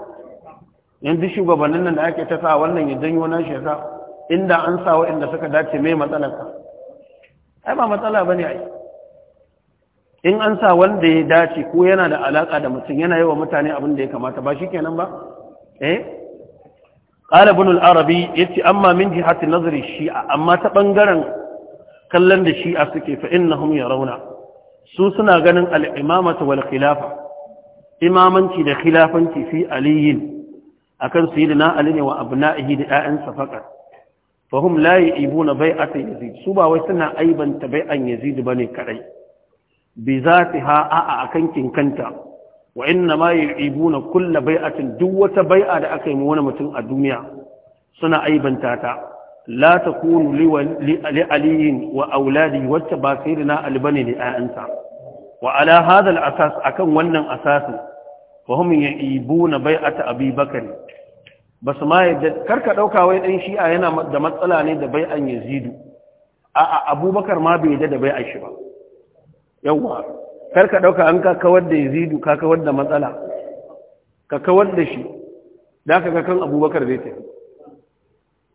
yanzu shugabannin nan da ake ta sa wannan ya janyo na shi sa inda an sa waɗanda suka dace mai matsalar ka ai ba matsala a yi. in an sa wanda ya dace ko yana da alaƙa da mutum yana yi wa mutane abin da ya kamata ba shi kenan ba eh qala ibn al-arabi yace amma min jihati nazari shi'a amma ta bangaren kallon da shi'a suke fa innahum yarawna su suna ganin al-imamata wal khilafa imamanci da khilafanci fi aliyin akan sayyidina ali ne wa abna'ihi da ƴaƴansa faqat fahum la yibuna bai'ata yazid su ba wai suna aibanta bai'an yazid ne kadai bi zatiha a'a akan kinkanta wa inna ma yu'ibuna kulla bai'atin duk wata bai'a da aka yi wani mutum a duniya suna aibanta ta la takunu li li aliyin wa auladi wacce ba sayyidina ali bane ne ayyansa wa ala hadha al asas akan wannan asasin wa hum yu'ibuna bai'ata abi bakr basu ma yadda karka dauka wai dan shi'a yana da matsala ne da bai'an yazidu a'a abubakar ma bai da bai'an shi ba yawwa kar ka ɗauka an ka kawar da yazidu ka kawar da matsala ka kawar da shi da ka ga kan abubakar zai tafi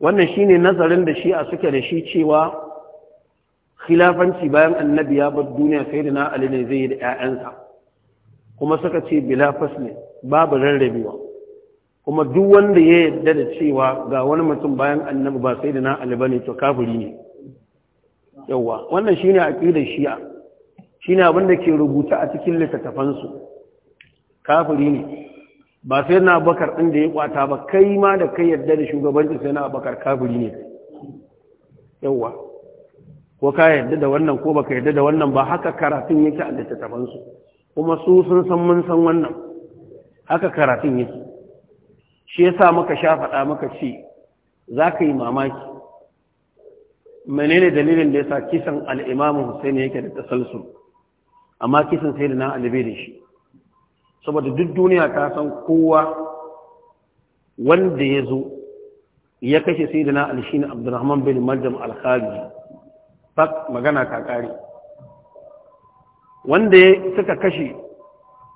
wannan shine nazarin da shi a suke da shi cewa khilafanci bayan annabi ya bar duniya sai da na ali ne zai yi da 'ya'yansa kuma suka ce bila ne, babu rarrabewa kuma duk wanda ya yarda da cewa ga wani mutum bayan annabi ba sai da na ali bane to kafiri ne yawa wannan shine aqidar shi'a shi ne abinda ke rubuta a cikin littattafansu kafiri ne ba sai na bakar ɗin da ya kwata ba kai ma da kai yadda da shugabanci sai na bakar kafiri ne yauwa ko ka yadda da wannan ko baka yadda da wannan ba haka karatun yake a littattafansu kuma su sun san mun san wannan haka karatun yake shi ya sa muka sha faɗa muka ce za ka yi mamaki menene dalilin da ya sa kisan al'imamu Hussaini yake da tasalsu amma kisan sai da na alibe da shi saboda duk duniya ta san kowa wanda ya zo ya kashe sai da na na abdurrahman bin maljam alkhaji fak magana ta kare wanda suka kashe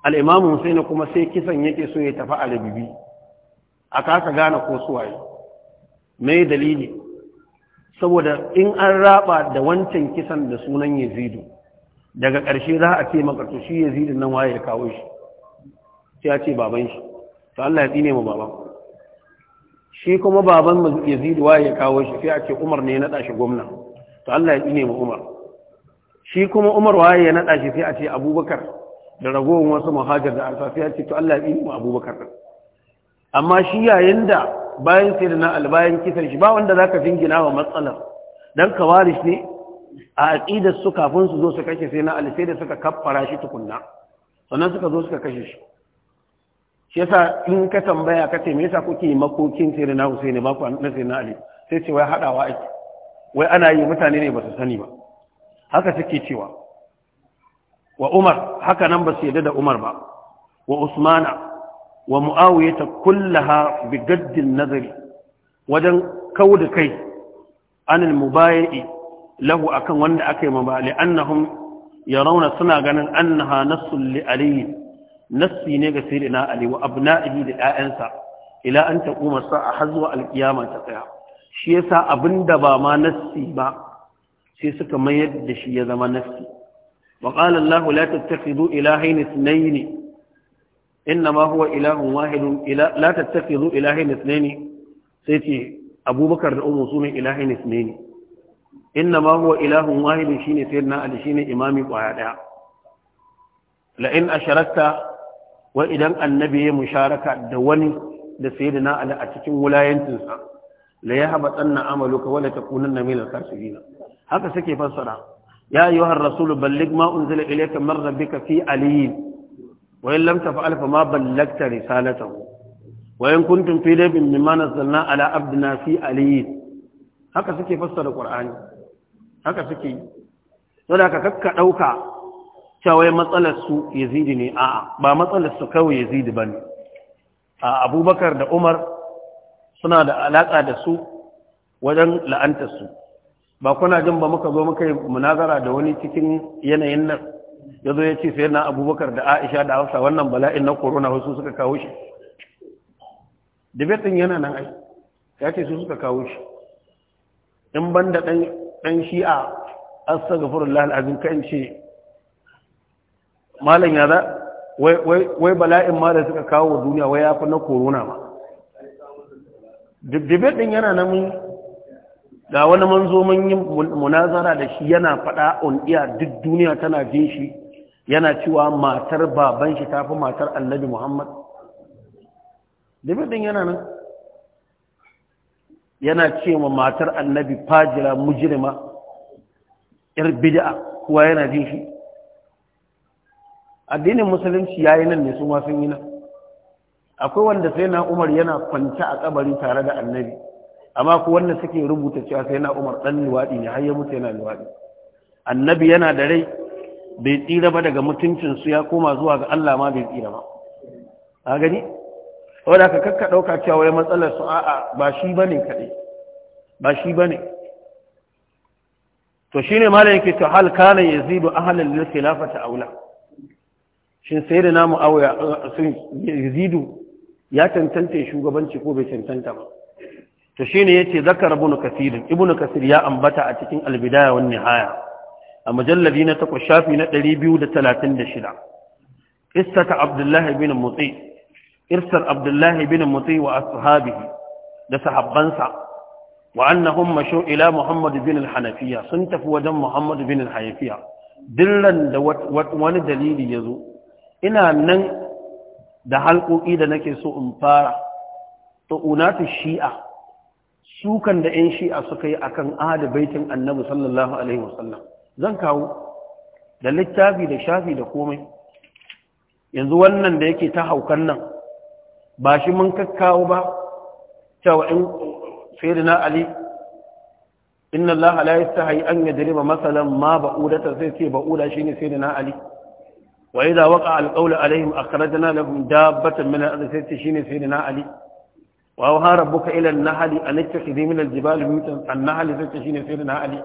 al'imamu sai na kuma sai kisan yake so ya tafi alibibi a kasa gane ko suwaye mai dalili saboda in an raba da wancan kisan da sunan yazidu daga ƙarshe za a ce maka to shi yazidin nan waye ya kawo shi sai ya ce baban shi to Allah ya tsine mu baban shi kuma baban zidi waye ya kawo shi sai a ce Umar ne ya nada shi gwamna to Allah ya tsine mu Umar shi kuma Umar waye ya nada shi sai a ce Abubakar da ragowar wasu muhajir da alfa sai a ce to Allah ya tsine mu Abubakar amma shi yayin da bayan sayyidina na albayan kisan shi ba wanda zaka jingina wa matsalar dan kawarish ne a aqidar su kafin su zo su kashe sai na ali sai da suka kaffara shi tukunna sannan suka zo suka kashe shi shi yasa in ka tambaya ka ce me yasa kuke makokin sai na Husaini ba ku na sai na Ali sai ce wai hadawa ake wai ana yi mutane ne ba su sani ba haka suke cewa wa Umar haka nan ba su yarda da Umar ba wa Usmana wa Muawiya ta kullaha bi gaddin nazari wajen da kai anil mubayi'i lahu akan wanda aka yi ma ba li'annahum yarawna suna ganin annaha nassul li ali nassi ne ga sayyidina ali wa abna'ihi da ƴaƴansa ila an taquma a hazwa alqiyama ta tsaya shi yasa abinda ba ma nassi ba sai suka mayar da shi ya zama nassi wa qala allah la tattakhidhu ilahayn ithnayn إنما هو إله واحد إلا لا تتخذوا إلهين اثنين سيتي أبو بكر أم سون إلهين اثنين inna ma huwa ilahun wahidin shine sayyidina ali shine imami kwaya daya la in asharakta wa idan annabi ya musharaka da wani da sayyidina ali a cikin wulayancin sa la yahba tsanna amaluka wa la takunanna min al-khasirin haka suke fassara ya ayyuha ar-rasul balligh ma unzila ilayka min rabbika fi ali wa in lam taf'al fa ma ballagta risalatahu wa in kuntum fi raybin mimma nazzalna ala abdina fi ali haka suke fassara qur'ani haka suke yi don haka kakka ɗauka cewa matsalar su yazidi ne a'a ba matsalar su kawai yazidi ba ne a abubakar da umar suna da alaƙa da su wajen la'antarsu su ba kuna jin ba muka zo muka yi munazara da wani cikin yanayin nan ya zo ya ce sai na abubakar da aisha da hausa wannan bala'in na korona wasu suka kawo shi dibetin yana nan ai ya ce su suka kawo shi in ban da ɗan ɗan shi'a astagfirullah alazim kan ce malam ya za wai bala'in ma da suka kawo wa duniya wai ya fi na korona ma dibbe ɗin yana nan ga wani manzo mun yi munazara da shi yana faɗa on iya duk duniya tana jin shi yana cewa matar baban shi tafi matar annabi muhammad dibbe ɗin yana nan yana ce ma matar annabi fajira mujrima yar bid'a kuwa yana jin shi addinin musulunci yayi nan ne su ma sun yi nan akwai wanda sai na umar yana kwanta a kabari tare da annabi amma ku wanda suke rubuta cewa sai na umar dan liwadi ne har ya mutu yana liwadi annabi yana da rai bai tsira ba daga mutuncin su ya koma zuwa ga Allah ma bai tsira ba a gani wadda ka kakka ɗauka cewa wai matsalar su a'a ba shi ba ne kaɗai ba shi ba ne to shi ne malayin yake ta hal kana ya da ahalin lafata a aula shin sai da namu auya eh, sun zidu ya tantance shugabanci ko bai tantanta ba to shine yace zakar ibn kasir na kasir ya ambata a cikin albidaya wani nihaya a majallabi na takwas shafi na 236 qissata abdullahi bin mutsi irsar abdullahi bin mutai wa ashabihi da sahabbansa wa annahum mashu ila muhammad bin al-hanafiya sun tafi wajen muhammad bin al-hanafiya dillan da wani dalili ya zo ina nan da halƙoƙi da nake so in fara ta'unatu shi'a sukan da 'yan shi'a suka yi akan ahada baitin annabi sallallahu alaihi wasallam zan kawo da littafi da shafi da komai yanzu wannan da yake ta haukan nan ba shi mun kakkawo ba cewa in na ali inna allaha la yastahi an yadriba masalan ma ba'udata sai ce ba'uda shine sayyidina ali wa idza waqa alqawl alaihim akhrajna lahum dabbatan min al-ardh sai shine sayyidina ali wa wa rabbuka ila an-nahli an tattakhidhi min al-jibali buyutan an-nahli sai shine sayyidina ali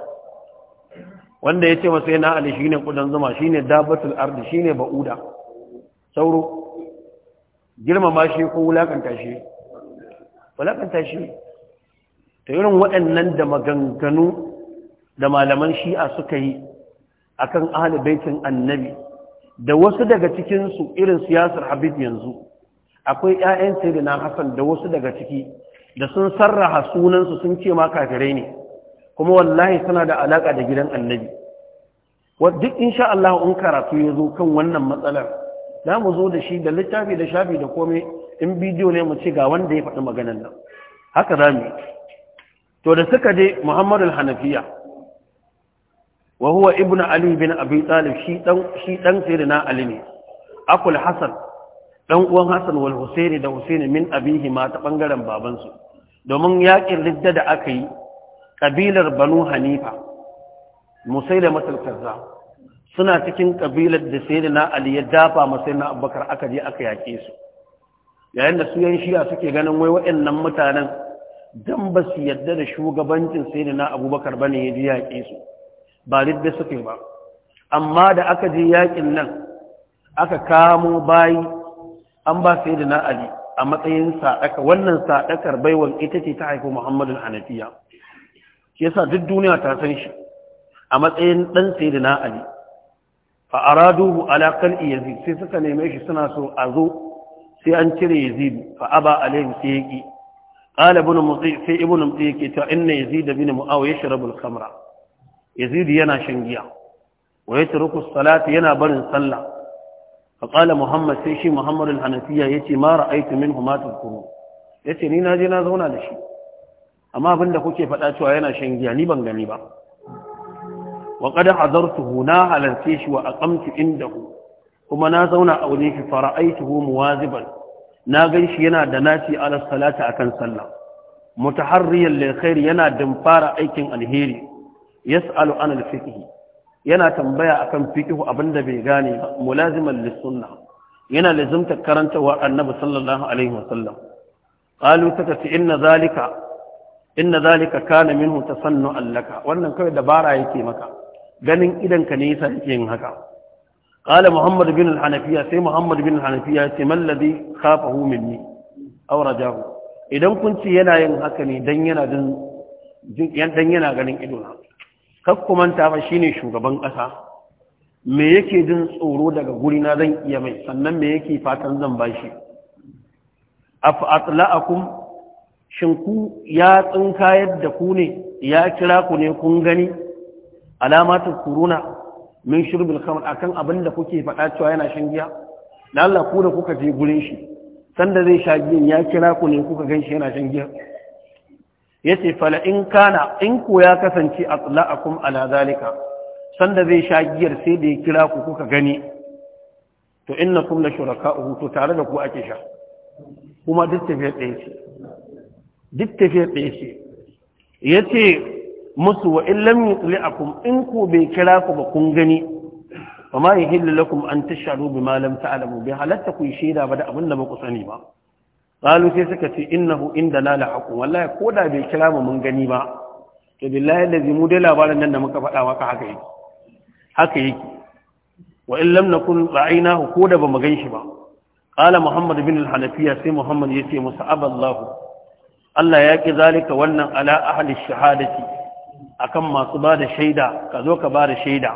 wanda yace masa sayyidina ali shine kudan zuma shine dabbatul ardh shine ba'uda sauro girmama shi ko wulakanta shi wulakanta shi ta irin waɗannan da maganganu da malaman shi'a suka yi akan ahalibaitin annabi da wasu daga cikinsu irin siyasar habib yanzu akwai 'ya'yan na hassan da wasu daga ciki da sun sarraha sunansu sun ce ma kafirai ne kuma wallahi suna da alaƙa da gidan annabi duk insha Allah in karatu ya zo kan wannan matsalar za mu zo da shi da littafi da shafi da komai in bidiyo ne mu ce ga wanda ya faɗi maganan nan haka za mu to da suka je muhammadu hanafiya wa huwa ibnu ali bin abi talib shi dan shi dan sayyidina ali ne akul hasan dan uwan hasan wal husaini da husaini min abihi ma ta bangaren babansu domin yakin ridda da aka yi kabilar banu hanifa tal kazzab suna cikin kabilar da na ali ya dafa masa na abubakar aka je aka yaƙe su yayin da su yan shi'a suke ganin wai waɗannan mutanen dan ba su yarda da shugabancin na abubakar ba ne ya ji yaƙe su ba ridda suke ba amma da aka je yaƙin nan aka kamo bayi an ba na ali a matsayin sadaka wannan sadakar baiwan ita ce ta haifi muhammadun hanafiya shi yasa duk duniya ta san shi a matsayin dan na ali fa araduhu ala qal'i yazid sai suka neme shi suna so a zo sai an cire yazid fa aba alaihim sai yaki qala ibn muti sai ibn muti yake cewa inna yazid bin muawiya yashrabu al-khamra yazid yana shan giya wa yatruku as-salata yana barin sallah fa qala muhammad sai shi muhammad al-hanafiya yace ma ra'aytu minhu ma tadhkuru yace ni na je na zauna da shi amma abinda kuke faɗa cewa yana shan giya ni ban gani ba wa qad hadartuhu na halarce shi wa inda indahu kuma na zauna a wurin shi fara'aituhu waziban. na gan shi yana da naci ala a akan sallah mutaharriyan lil khair yana fara aikin alheri yas'alu an al yana tambaya akan abin da bai gane ba mulaziman lis sunnah yana karanta karantawa annabi sallallahu alaihi wasallam qalu takati inna zalika inna zalika kana minhu tasannu'an allaka. wannan kawai dabara yake maka ganin idan ka ne yasa yake yin haka qala muhammad bin al-hanafiya sai muhammad bin al-hanafiya ce man ladhi khafahu minni aw rajahu idan kun ce yana yin haka ne dan yana din dan yana ganin ido na manta ba shine shugaban kasa me yake jin tsoro daga gurina zan iya mai sannan me yake fatan zan bashi atla'akum shin ku ya tsinka da ku ne ya kira ku ne kun gani alamatul kuruna min shirbil khamr akan abin da kuke faɗa cewa yana shan giya da Allah ku da kuka je gurin shi sanda zai sha giyan ya kira ku ne kuka gan shi yana shan giya ce fala in kana in ku ya kasance atla'akum ala zalika sanda zai sha giyar sai da ya kira ku kuka gani to innakum la uku, to tare da ku ake sha kuma duk tafiyar ɗaya ce duk tafiyar ɗaya ce yace musu wa illam yutli'akum in ku bai kira ku ba kun gani wa ma yahillu lakum an tashhadu bima lam ta'lamu bi halatta ku shaida ba da abin da ba sani ba qalu sai suka ce innahu indana la haqqun wallahi ko da bai kira mu mun gani ba to billahi allazi mu da labarin nan da muka faɗa maka haka yake haka yake wa in nakun ra'aynahu ko da bamu ganshi ba qala muhammad bin al-hanafiya sai muhammad yace musa aballahu Allah ya ki zalika wannan ala ahli shahadati akan masu ba da shaida ka zo ka ba da shaida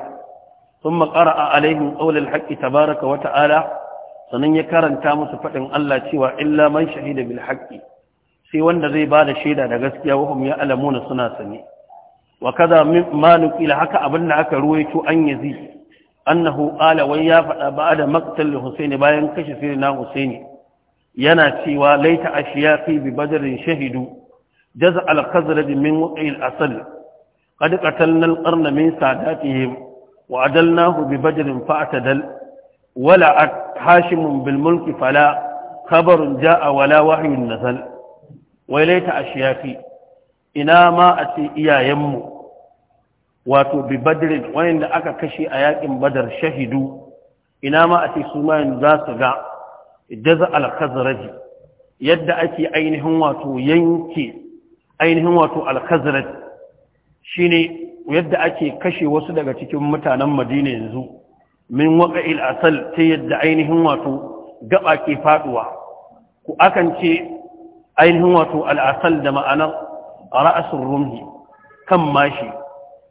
sun makara a alaihin ƙaunar haƙƙi tabaraka wata ala, sannan ya karanta musu faɗin Allah cewa illa man shahida bil sai wanda zai bada shaida da gaskiya wahum ya alamuna suna sani wa kaza malik la haka abinda aka ruwaito an yazi annahu qala wai ya faɗa da maqtal Husayn bayan kashe sirina Husayn yana cewa laita ashiyaqi bi badrin shahidu jaz al khazraj min waqi al asal قد قتلنا القرن من ساداتهم وعدلناه ببدر فاعتدل ولعت حاشم بالملك فلا خبر جاء ولا وحي نزل ويليت أشياكي إنا ما أتي إيا يمو واتو ببدر وإن أكا كشي آيات بدر شهدوا إنا ما أتي سمان ذات قع جزء الخزرج يد أتي أينهم واتو ينكي أينهم واتو الخزرج Shi ne yadda ake kashe wasu daga cikin mutanen madina yanzu min waka asal ta yadda ainihin wato gaba ke faduwa ku akan ce ainihin wato al'asal da ma'anar a ra'asun rumhi kan mashi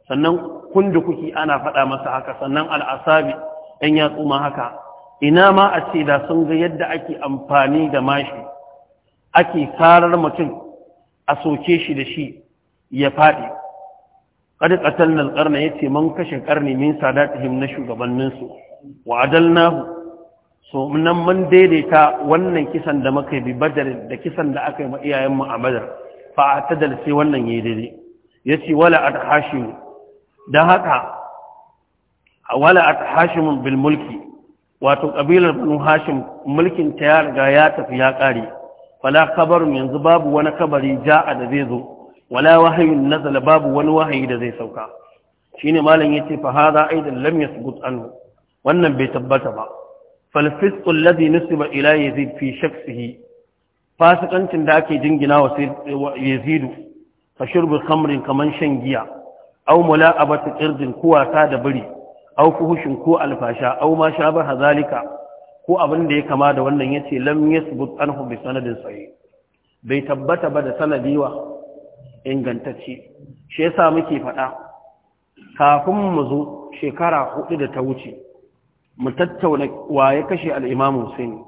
sannan kundu kuki ana faɗa masa haka sannan al'asabi ɗan yatsu ma haka ina ma a ce da sun ga yadda ake amfani da mashi ake karar mutum a soke shi da shi ya faɗi qad qatalna al-qarna yace man kashe qarni min sadatihim na shugabannin su wa adalnahu so nan man daidaita wannan kisan da muka bi badar da kisan da aka yi ma iyayen mu a badar fa atadal sai wannan yayi daidai yace wala at-hashim dan haka wala at-hashim bil mulki wato kabilar banu hashim mulkin ta ya riga ya tafi ya kare fala kabarun yanzu babu wani kabari ja'a da zai zo wala wahayin nazala babu wani wahayi da zai sauka shine malam yace fa hadha aidan lam yathbut anhu wannan bai tabbata ba fal fisqu alladhi nusiba ila yazid fi shakhsihi fasikancin da ake jingina wa yazid fa shurbu khamrin kaman shan giya aw mula'abatu qirdin kuwata da biri aw fuhushin ko alfasha aw ma shabaha zalika ko abin da ya kama da wannan yace lam yathbut anhu bi sanadin sahih bai tabbata ba da sanadiwa ingantacce shi yasa muke faɗa kafin mu zo shekara hudu da ta wuce mu tattauna wa ya kashe al'imamu Hussein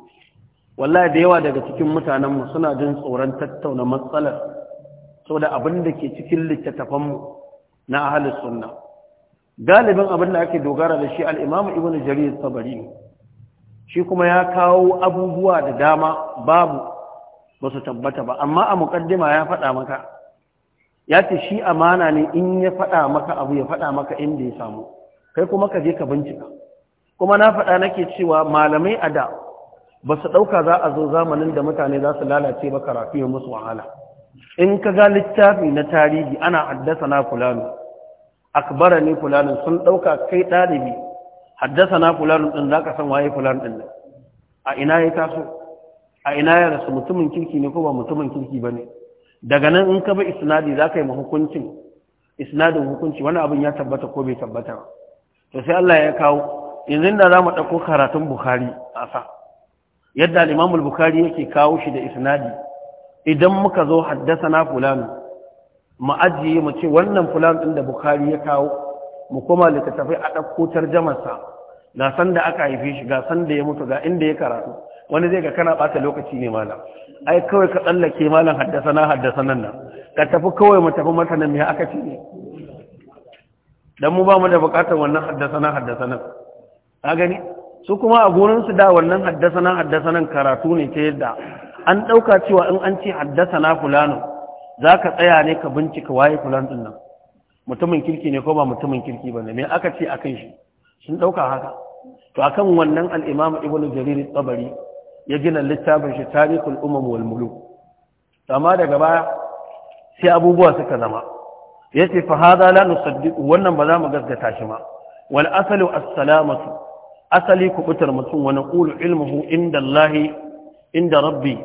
wallahi da yawa daga cikin mutanenmu suna jin tsoron tattauna matsalar saboda abin da ke cikin littattafanmu na ahalus sunna galibin abin da ake dogara da shi al'imamu ibn jarir tabari shi kuma ya kawo abubuwa da dama babu ba su tabbata ba amma a muƙaddima ya faɗa maka ya ce shi amana ne in ya faɗa maka abu ya faɗa maka inda ya samu kai kuma ka je ka bincika kuma na faɗa nake cewa malamai a da ba su ɗauka za a zo zamanin da mutane za su lalace ba karatu ya musu wahala in ka ga littafi na tarihi ana haddasa na fulani akbara ne fulani sun ɗauka kai ɗalibi haddasa na fulani ɗin za ka san waye fulani ɗin a ina ya taso a ina ya rasu mutumin kirki ne ko ba mutumin kirki ba ne daga nan in ka bi isnadi za ka yi hukuncin isnadin hukunci wani abin ya tabbata ko bai tabbata ba to sai Allah ya kawo yanzu da za mu ɗauko karatun bukhari a sa yadda limamul bukhari yake kawo shi da isnadi idan muka zo haddasa na fulani mu ajiye mu ce wannan fulani ɗin da bukhari ya kawo mu koma littattafai a ɗauko tarjamarsa ga san da aka haife shi ga san da ya mutu ga inda ya karatu wani zai ga kana bata lokaci ne malam ai kawai ka tsallake malam haddasa na haddasa nan nan ka tafi kawai mu tafi mata nan me aka ce ne dan mu ba mu da bukatar wannan haddasa na haddasa nan ka gani su kuma a gurin su da wannan haddasa na haddasa nan karatu ne ta yadda an dauka cewa in an ce haddasa na fulano zaka tsaya ne ka bincika waye fulan din nan mutumin kirki ne ko ba mutumin kirki ba ne me aka ce akan shi sun dauka haka to akan wannan al-imam ibnu jarir tabari ya gina littafin shi tarihul umam wal amma daga baya sai abubuwa suka zama yace fa hada lanu nusaddiqu wannan ba za mu gaskata shi ma wal asali as asali kubutar mutum wa naqulu ilmuhu inda Allah inda rabbi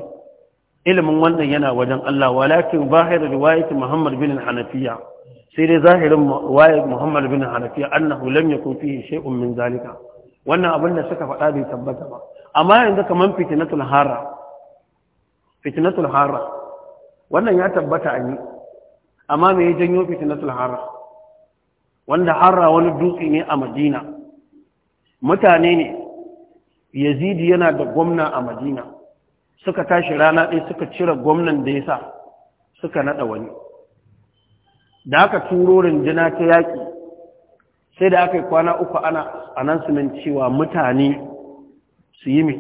ilmin wannan yana wajen Allah walakin zahir riwayat Muhammad bin Hanafiya sai dai zahirin riwayat Muhammad bin Hanafiya annahu lam yakun fihi shay'un min zalika wannan abin da suka faɗa bai tabbata ba amma yanzu kamar fitnatul hara fitnatul hara wannan ya tabbata a ni. amma me ya janyo fitnatul hara wanda hara wani dutse ne a madina mutane ne yazidi yana da gwamna a madina suka tashi rana ɗaya suka cire gwamnan da ya sa suka naɗa wani da aka turo rinjina ta yaƙi sai da aka yi kwana uku ana announcement cewa mutane su yi mai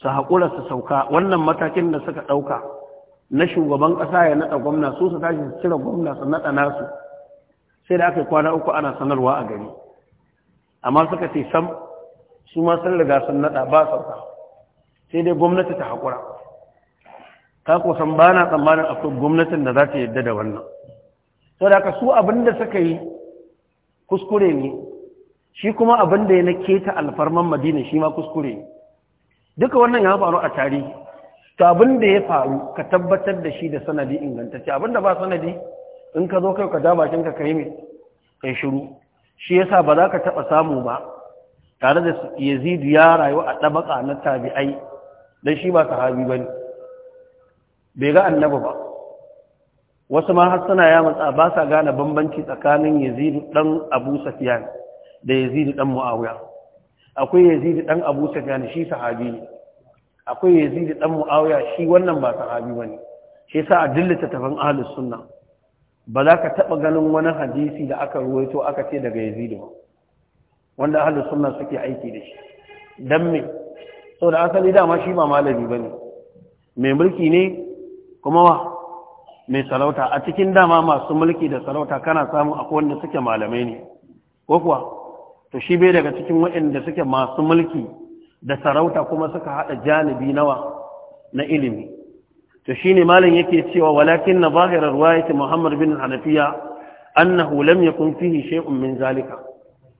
su haƙura su sauka wannan matakin da suka ɗauka na shugaban ƙasa ya naɗa gwamna su su tashi su cire gwamna su naɗa nasu sai da aka yi kwana uku ana sanarwa a gari amma suka ce sam su ma sun riga sun naɗa ba sauka sai dai gwamnati ta haƙura ta kusan ba na tsammanin akwai gwamnatin da za ta yadda da wannan sau da su abin da suka yi kuskure ne shi kuma abin da ya na keta alfarman madina shi ma kuskure ne duka wannan ya faru a tarihi to abin da ya faru ka tabbatar da shi da sanadi ingantacce abin da ba sanadi in ka zo kai ka da bakin ka kai mai kai shiru shi yasa ba za ka taba samu ba tare da Yazid ya rayu a dabaka na tabi'ai dan shi ba sahabi bane bai ga annabi ba wasu ma har suna ya matsa ba sa gane bambanci tsakanin yazid dan abu sufyan da yazid dan muawiya akwai yazid dan abu sufyan shi sahabi ne akwai yazid dan muawiya shi wannan ba sahabi bane shi yasa a dillata tafan ahlus sunna ba za ka taba ganin wani hadisi da aka ruwaito aka ce daga yazid ba wanda ahlus sunna suke aiki da shi dan me saboda asali dama shi ba malami bane mai mulki ne kuma wa mai sarauta a cikin dama masu mulki da sarauta kana samu a wanda suke malamai ne ko kuwa to shi bai daga cikin waɗanda suke masu mulki da sarauta kuma suka haɗa janibi nawa na ilimi to ne malam yake cewa walakin na zahirar wayati muhammad bin hanafiya annahu lam yakun fihi shay'un min zalika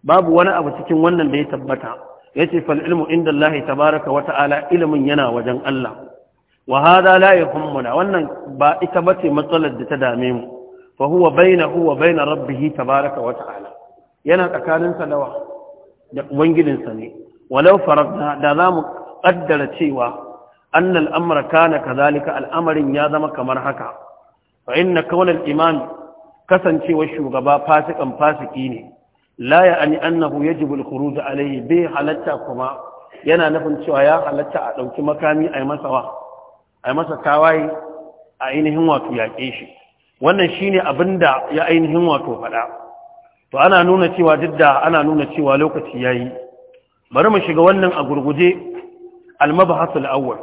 babu wani abu cikin wannan da ya tabbata yace fal ilmu inda Allah tabaraka wa ta'ala ilimin yana wajen Allah wa hada la yahummuna wannan ba ita ce matsalar da ta dame mu fa huwa bainahu wa yana tsakanin salawa da ubangijinsa ne walau faradna da zamu kaddara cewa annal amra kana kazalika al'amarin ya zama kamar haka fa inna kaunal imam kasancewa shugaba fasikan fasiki ne la ya'ani annahu yajibu al-khuruj alayhi bi halatta kuma yana nufin cewa ya halatta a dauki makami ai masa a masa tawaye a ainihin wato yaƙe shi wannan shine abin da ya ainihin wato faɗa to ana nuna cewa duk da ana nuna cewa lokaci yayi bari mu shiga wannan a gurguje al-mabhasul awwal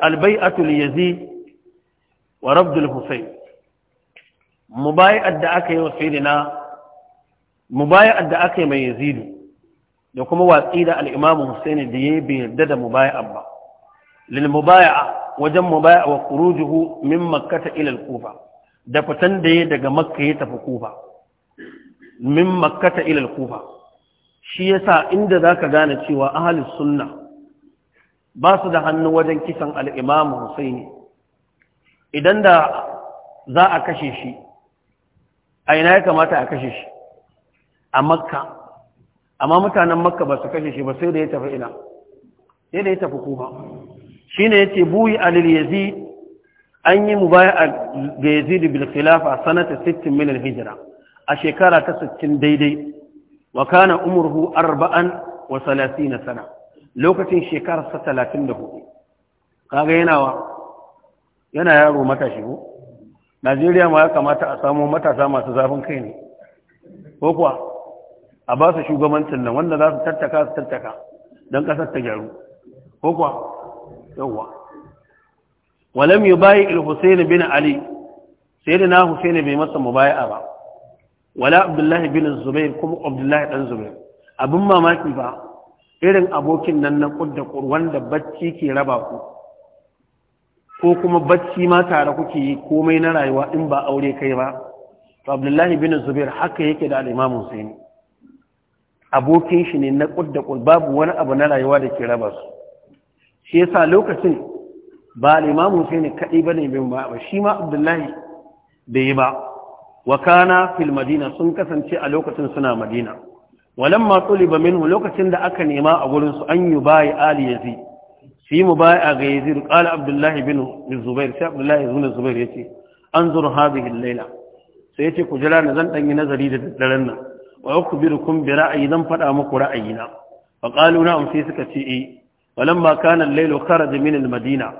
al-bai'atu li wa rabd al-husayn da aka yi wa sayyidina mubai'at da aka yi mai yazidu. da kuma watsi da al-imamu husayn da yayi bai yarda da mubai'at ba lil mubai'a wajen baya wa kurujuhu min makkata ilal kufa da fitan da ya daga makka ya tafi kufa min makkata ilal kufa shi yasa inda zaka gane cewa ahlus sunna ba su da hannu wajen kisan al-imam husaini idan da za a kashe shi a ina ya kamata a kashe shi a makka amma mutanen makka ba su kashe shi ba sai da ya tafi ina sai da ya tafi kufa ne ya ce, buyi a yazid an yi mu baya ga yazid da khilafa sanata 60 min hijira a shekara ta 60 daidai wa kana umurhu arba'an wa na sana lokacin shekarar sa 34 kaga yana wa yana yaro matashi ko Najeriya ma ya kamata a samu matasa masu zafin kai ne ko kuwa a ba su shugabancin nan wanda za su tattaka su tattaka don kasar ta gyaru ko kuwa yawwa walam yubayi al-husayn bin ali sayyidina husayn bai masa mubayi'a ba wala abdullahi bin zubair kuma abdullahi dan zubair abin mamaki ba irin abokin nan na kudda kurwan da bacci ke raba ku ko kuma bacci ma tare kuke yi komai na rayuwa in ba aure kai ba to abdullahi bin zubair haka yake da al-imam husayn abokin shi ne na kudda babu wani abu na rayuwa da ke raba su shi yasa lokacin ba Limamu sai Hussein kadai ba ne ba shi ma Abdullahi da yi ba wa kana fil madina sun kasance a lokacin suna madina walamma tuliba minhu lokacin da aka nema a gurin su an yi bayi ali yazid fi mubai'a ga yazid qala Abdullahi bin Zubair sai Abdullahi bin Zubair yace anzur hadhihi al-laila sai yace ku jira na zan ɗanyi yi nazari da daren nan wa kun bi ra'ayi zan faɗa muku ra'ayina fa qalu na sai suka ce eh Walan makanan al-lailu kharaja min al-madina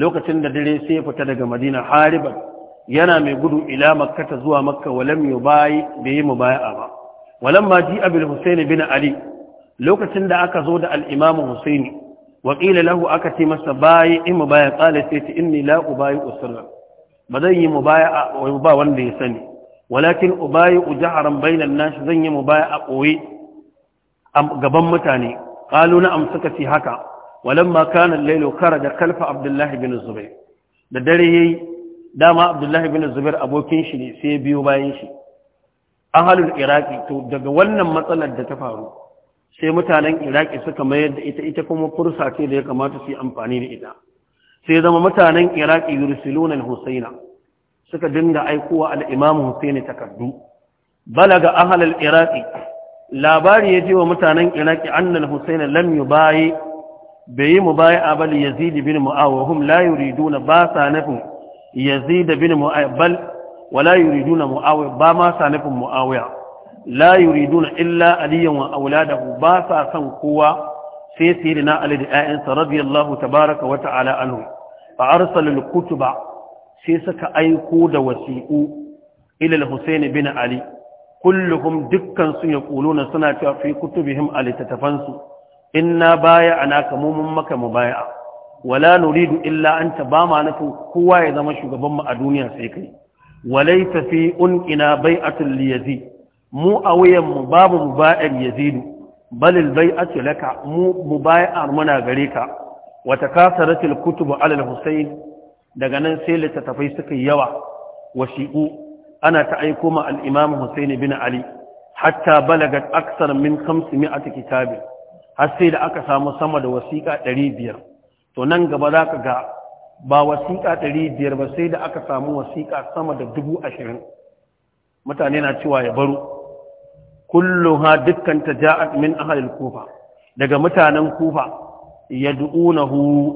lokacin da dare sai ya fita daga madina hariban yana mai gudu ila makkata zuwa makka walam yubayi bai mubaya'a ba walamma ji abul husayn bin ali lokacin da aka zo da al-imam husaini wa qila aka ce masa bayi in mubaya qala sai ta inni la ubayi usullan ba zan yi mubaya'a ba wanda ya sani walakin ubayi ujaharan bainan nas zan yi mubaya'a koyi gaban mutane qalu na amsaka fi haka walamma kana al-laylu kharaja kalfa abdullahi bin zubair da dare yayi dama abdullahi bin zubair abokin shi ne sai biyo bayan shi ahalul iraki to daga wannan matsalar da ta faru sai mutanen iraki suka mayar da ita ita kuma fursa ce da ya kamata su yi amfani da ita sai zama mutanen iraki yursiluna al-husaina suka dinga aikowa al-imam husaini takardu balaga ahalul iraki labari ya ji wa mutanen iraki annal husaina lam yubayi bai yi mu baya a bal ya yazid bin mu'awiya hum la yuriduna ba sa nafin yazid bin mu'awiya bal wala yuriduna mu'awiya ba ma sa nafin mu'awiya la yuriduna illa aliyan wa ku ba sa san kowa sai sayyidina ali da ƴaƴansa radiyallahu tabaraka wa ta'ala anhu fa arsala al-kutuba sai suka aiko da wasiqu ila al-husayn bin ali kulluhum dukkan su yaquluna suna cewa fi kutubihim al-tatafansu inna baya ana mu mun maka baya. wala nuridu illa anta ba ma nufin kowa ya zama shugaban mu a duniya sai kai walaita fi unqina bai'atul liyazi mu a wuyan mu babu mubai'ar yazidu balil bai'atu laka mu mubai'ar muna gare ka wa takasaratil kutubu ala al-husayn daga nan sai littattafai suka yi yawa wasiqu ana ta aiko ma al-imam husayn bin ali hatta balagat aksar min 500 kitabin. har sai da aka samu sama da wasiƙa ɗari biyar to nan gaba za ka ga ba wasiƙa ɗari biyar ba sai da aka samu wasiƙa sama da dubu ashirin mutane na cewa ya baro Kullum ha dukkan ta a min ahalil kufa daga mutanen kufa yad'unahu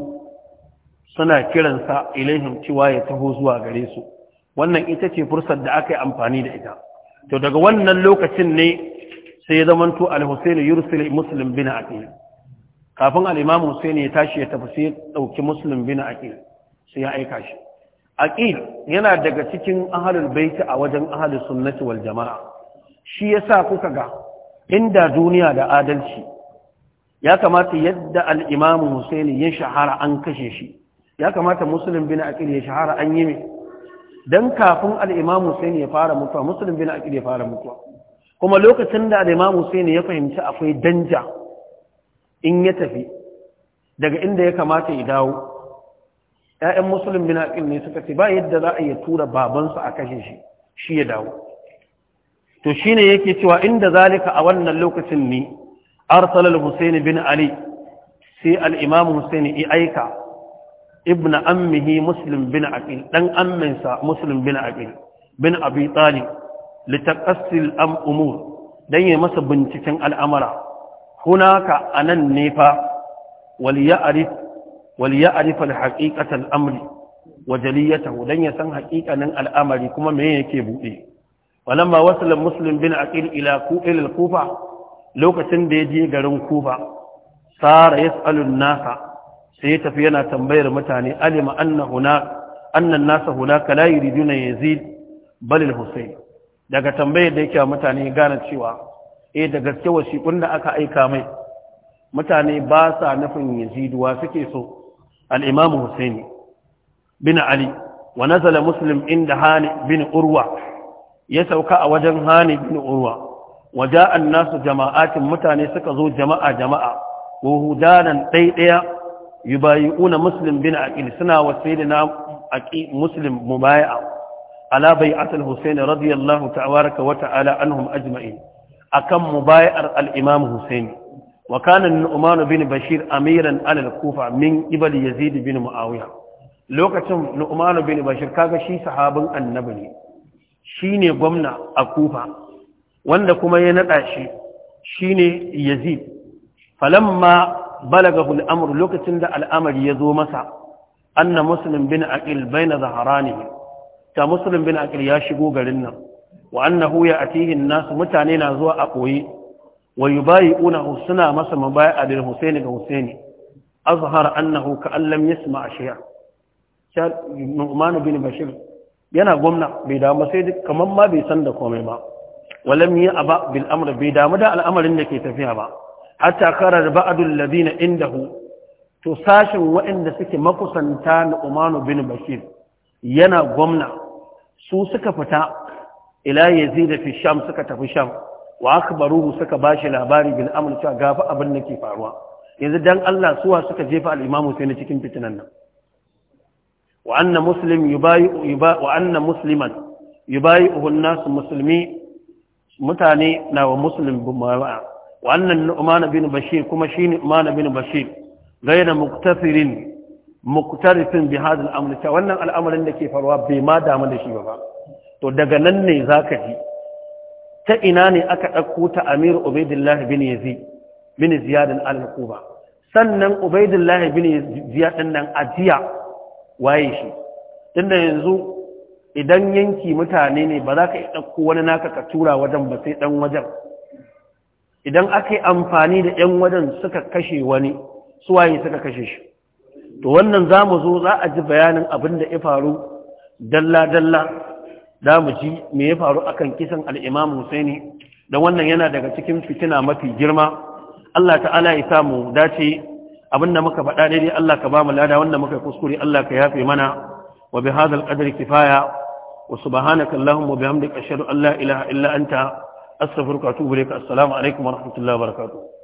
suna kiransa ilaihim cewa ya taho zuwa gare su wannan ita ce fursar da aka yi amfani da ita to daga wannan lokacin ne sai ya to al-Husayn yursil Muslim bin Aqil kafin al-Imam Husayn ya tashi ya tafi sai dauki Muslim bin Aqil sai ya aika shi Aqil yana daga cikin ahlul bait a wajen ahlus sunnati wal jamaa shi yasa kuka ga inda duniya da adalci ya kamata yadda al-Imam Husayn ya shahara an kashe shi ya kamata Muslim bin Aqil ya shahara an yi mai dan kafin al-Imam Husayn ya fara mutuwa Muslim bin Aqil ya fara mutuwa kuma lokacin da al'imamu sai ne ya fahimci akwai danja in ya tafi daga inda ya kamata ya dawo ‘ya'yan musulun bin ne suka ce ba yadda za a iya tura babansa a kashe shi shi ya dawo to shi ne yake cewa inda zalika a wannan lokacin ne arsalar husaini bin ali sai al'imamu husaini ya aika ibn ammihi Musulun bin aqil dan amminsa bin aqil bin abi talib litakassil umur dan yi masa binciken al'amara hunaka anan ne fa wal ya'rif wal ya'rif amri wa jaliyatahu dan ya san haƙiƙanin al'amari kuma me yake buɗe? walamma wasala muslim bin aqil ila ku'il kufa lokacin da ya je garin kufa sara yas'alun nasa sai ya tafi yana tambayar mutane alima huna annan nasa hunaka la yuriduna yazid bal al daga tambayar da yake wa mutane gane cewa eh da gaske wasiƙun da aka aika mai mutane ba sa nufin yaziduwa suke so al-imamu husaini bin ali wa nazala muslim inda hani bin urwa ya sauka a wajen hani bin urwa waja annasu jama'atin mutane suka zo jama'a jama'a wa hudanan ɗaiɗaya yubayi'una muslim bin aqil suna wasaidina na aqil muslim mubaya'a Alabai bai'atul husayn radiyallahu wata ala ta'ala anhum ajma'in akan mubayar al-imam husayn wa kana nu'man bin bashir amiran ala al-kufa min ibal yazid bin muawiya lokacin nu'man bin bashir kaga shi sahabin annabi ne shine gwamna a kufa wanda kuma ya naɗa shi shine yazid falamma balaga al-amr lokacin da al-amr ya zo masa anna muslim bin aqil zahra ne. ta musulun bin akil ya shigo garin nan wa annahu ya atihin nasu mutane na zuwa a koyi wa yubayi'unahu suna masa mabaya a lil husaini ga husaini azhar annahu ka allam yasma shay'a Nu'man bin Bashir yana gwamna bai damu sai duk kamar ma bai san da komai ba walam yi aba bil amr bai damu da al'amarin da ke tafiya ba hatta karar ba'dul ladina indahu to sashin waɗanda suke makusanta na Umanu bin Bashir yana gwamna su suka fita ila da fi sham suka tafi sham wa akbaruhu suka bashi labari bil amr cewa gafa abin da ke faruwa yanzu dan Allah suwa suka jefa al-imamu sai na cikin fitinan nan wa anna muslim yubayi wa anna musliman yubayi an-nas muslimi mutane na wa muslim bumawa wa anna nu'man bin bashir kuma shine nu'man bin bashir gaira muktafirin muktarifin bi hadal amri wannan al'amarin da ke faruwa bai ma damu da shi ba ba to daga nan ne zaka ji ta ina ne aka ɗauko ta Amir Ubaidillah bin Yazid bin Ziyad al-Quba sannan Ubaidillah bin Ziyad din nan ajiya waye shi tunda yanzu idan yanki mutane ne ba za ka ɗauko wani naka ka tura wajen ba sai ɗan wajen idan aka yi amfani da ‘yan wajen suka kashe wani suwaye suka kashe shi to wannan za mu zo za a ji bayanin abin da ya faru dalla-dalla da mu ji me ya faru akan kisan al'imam husaini don wannan yana daga cikin fitina mafi girma Allah ta'ala ya samu dace abin da muka faɗa daidai Allah ka ba mu lada wanda muka kuskure Allah ka yafe mana wa bi hadal qadri kifaya wa subhanaka allahumma bihamdika ashhadu an la ilaha illa anta astaghfiruka wa atubu ilaik assalamu alaikum wa rahmatullahi wa barakatuh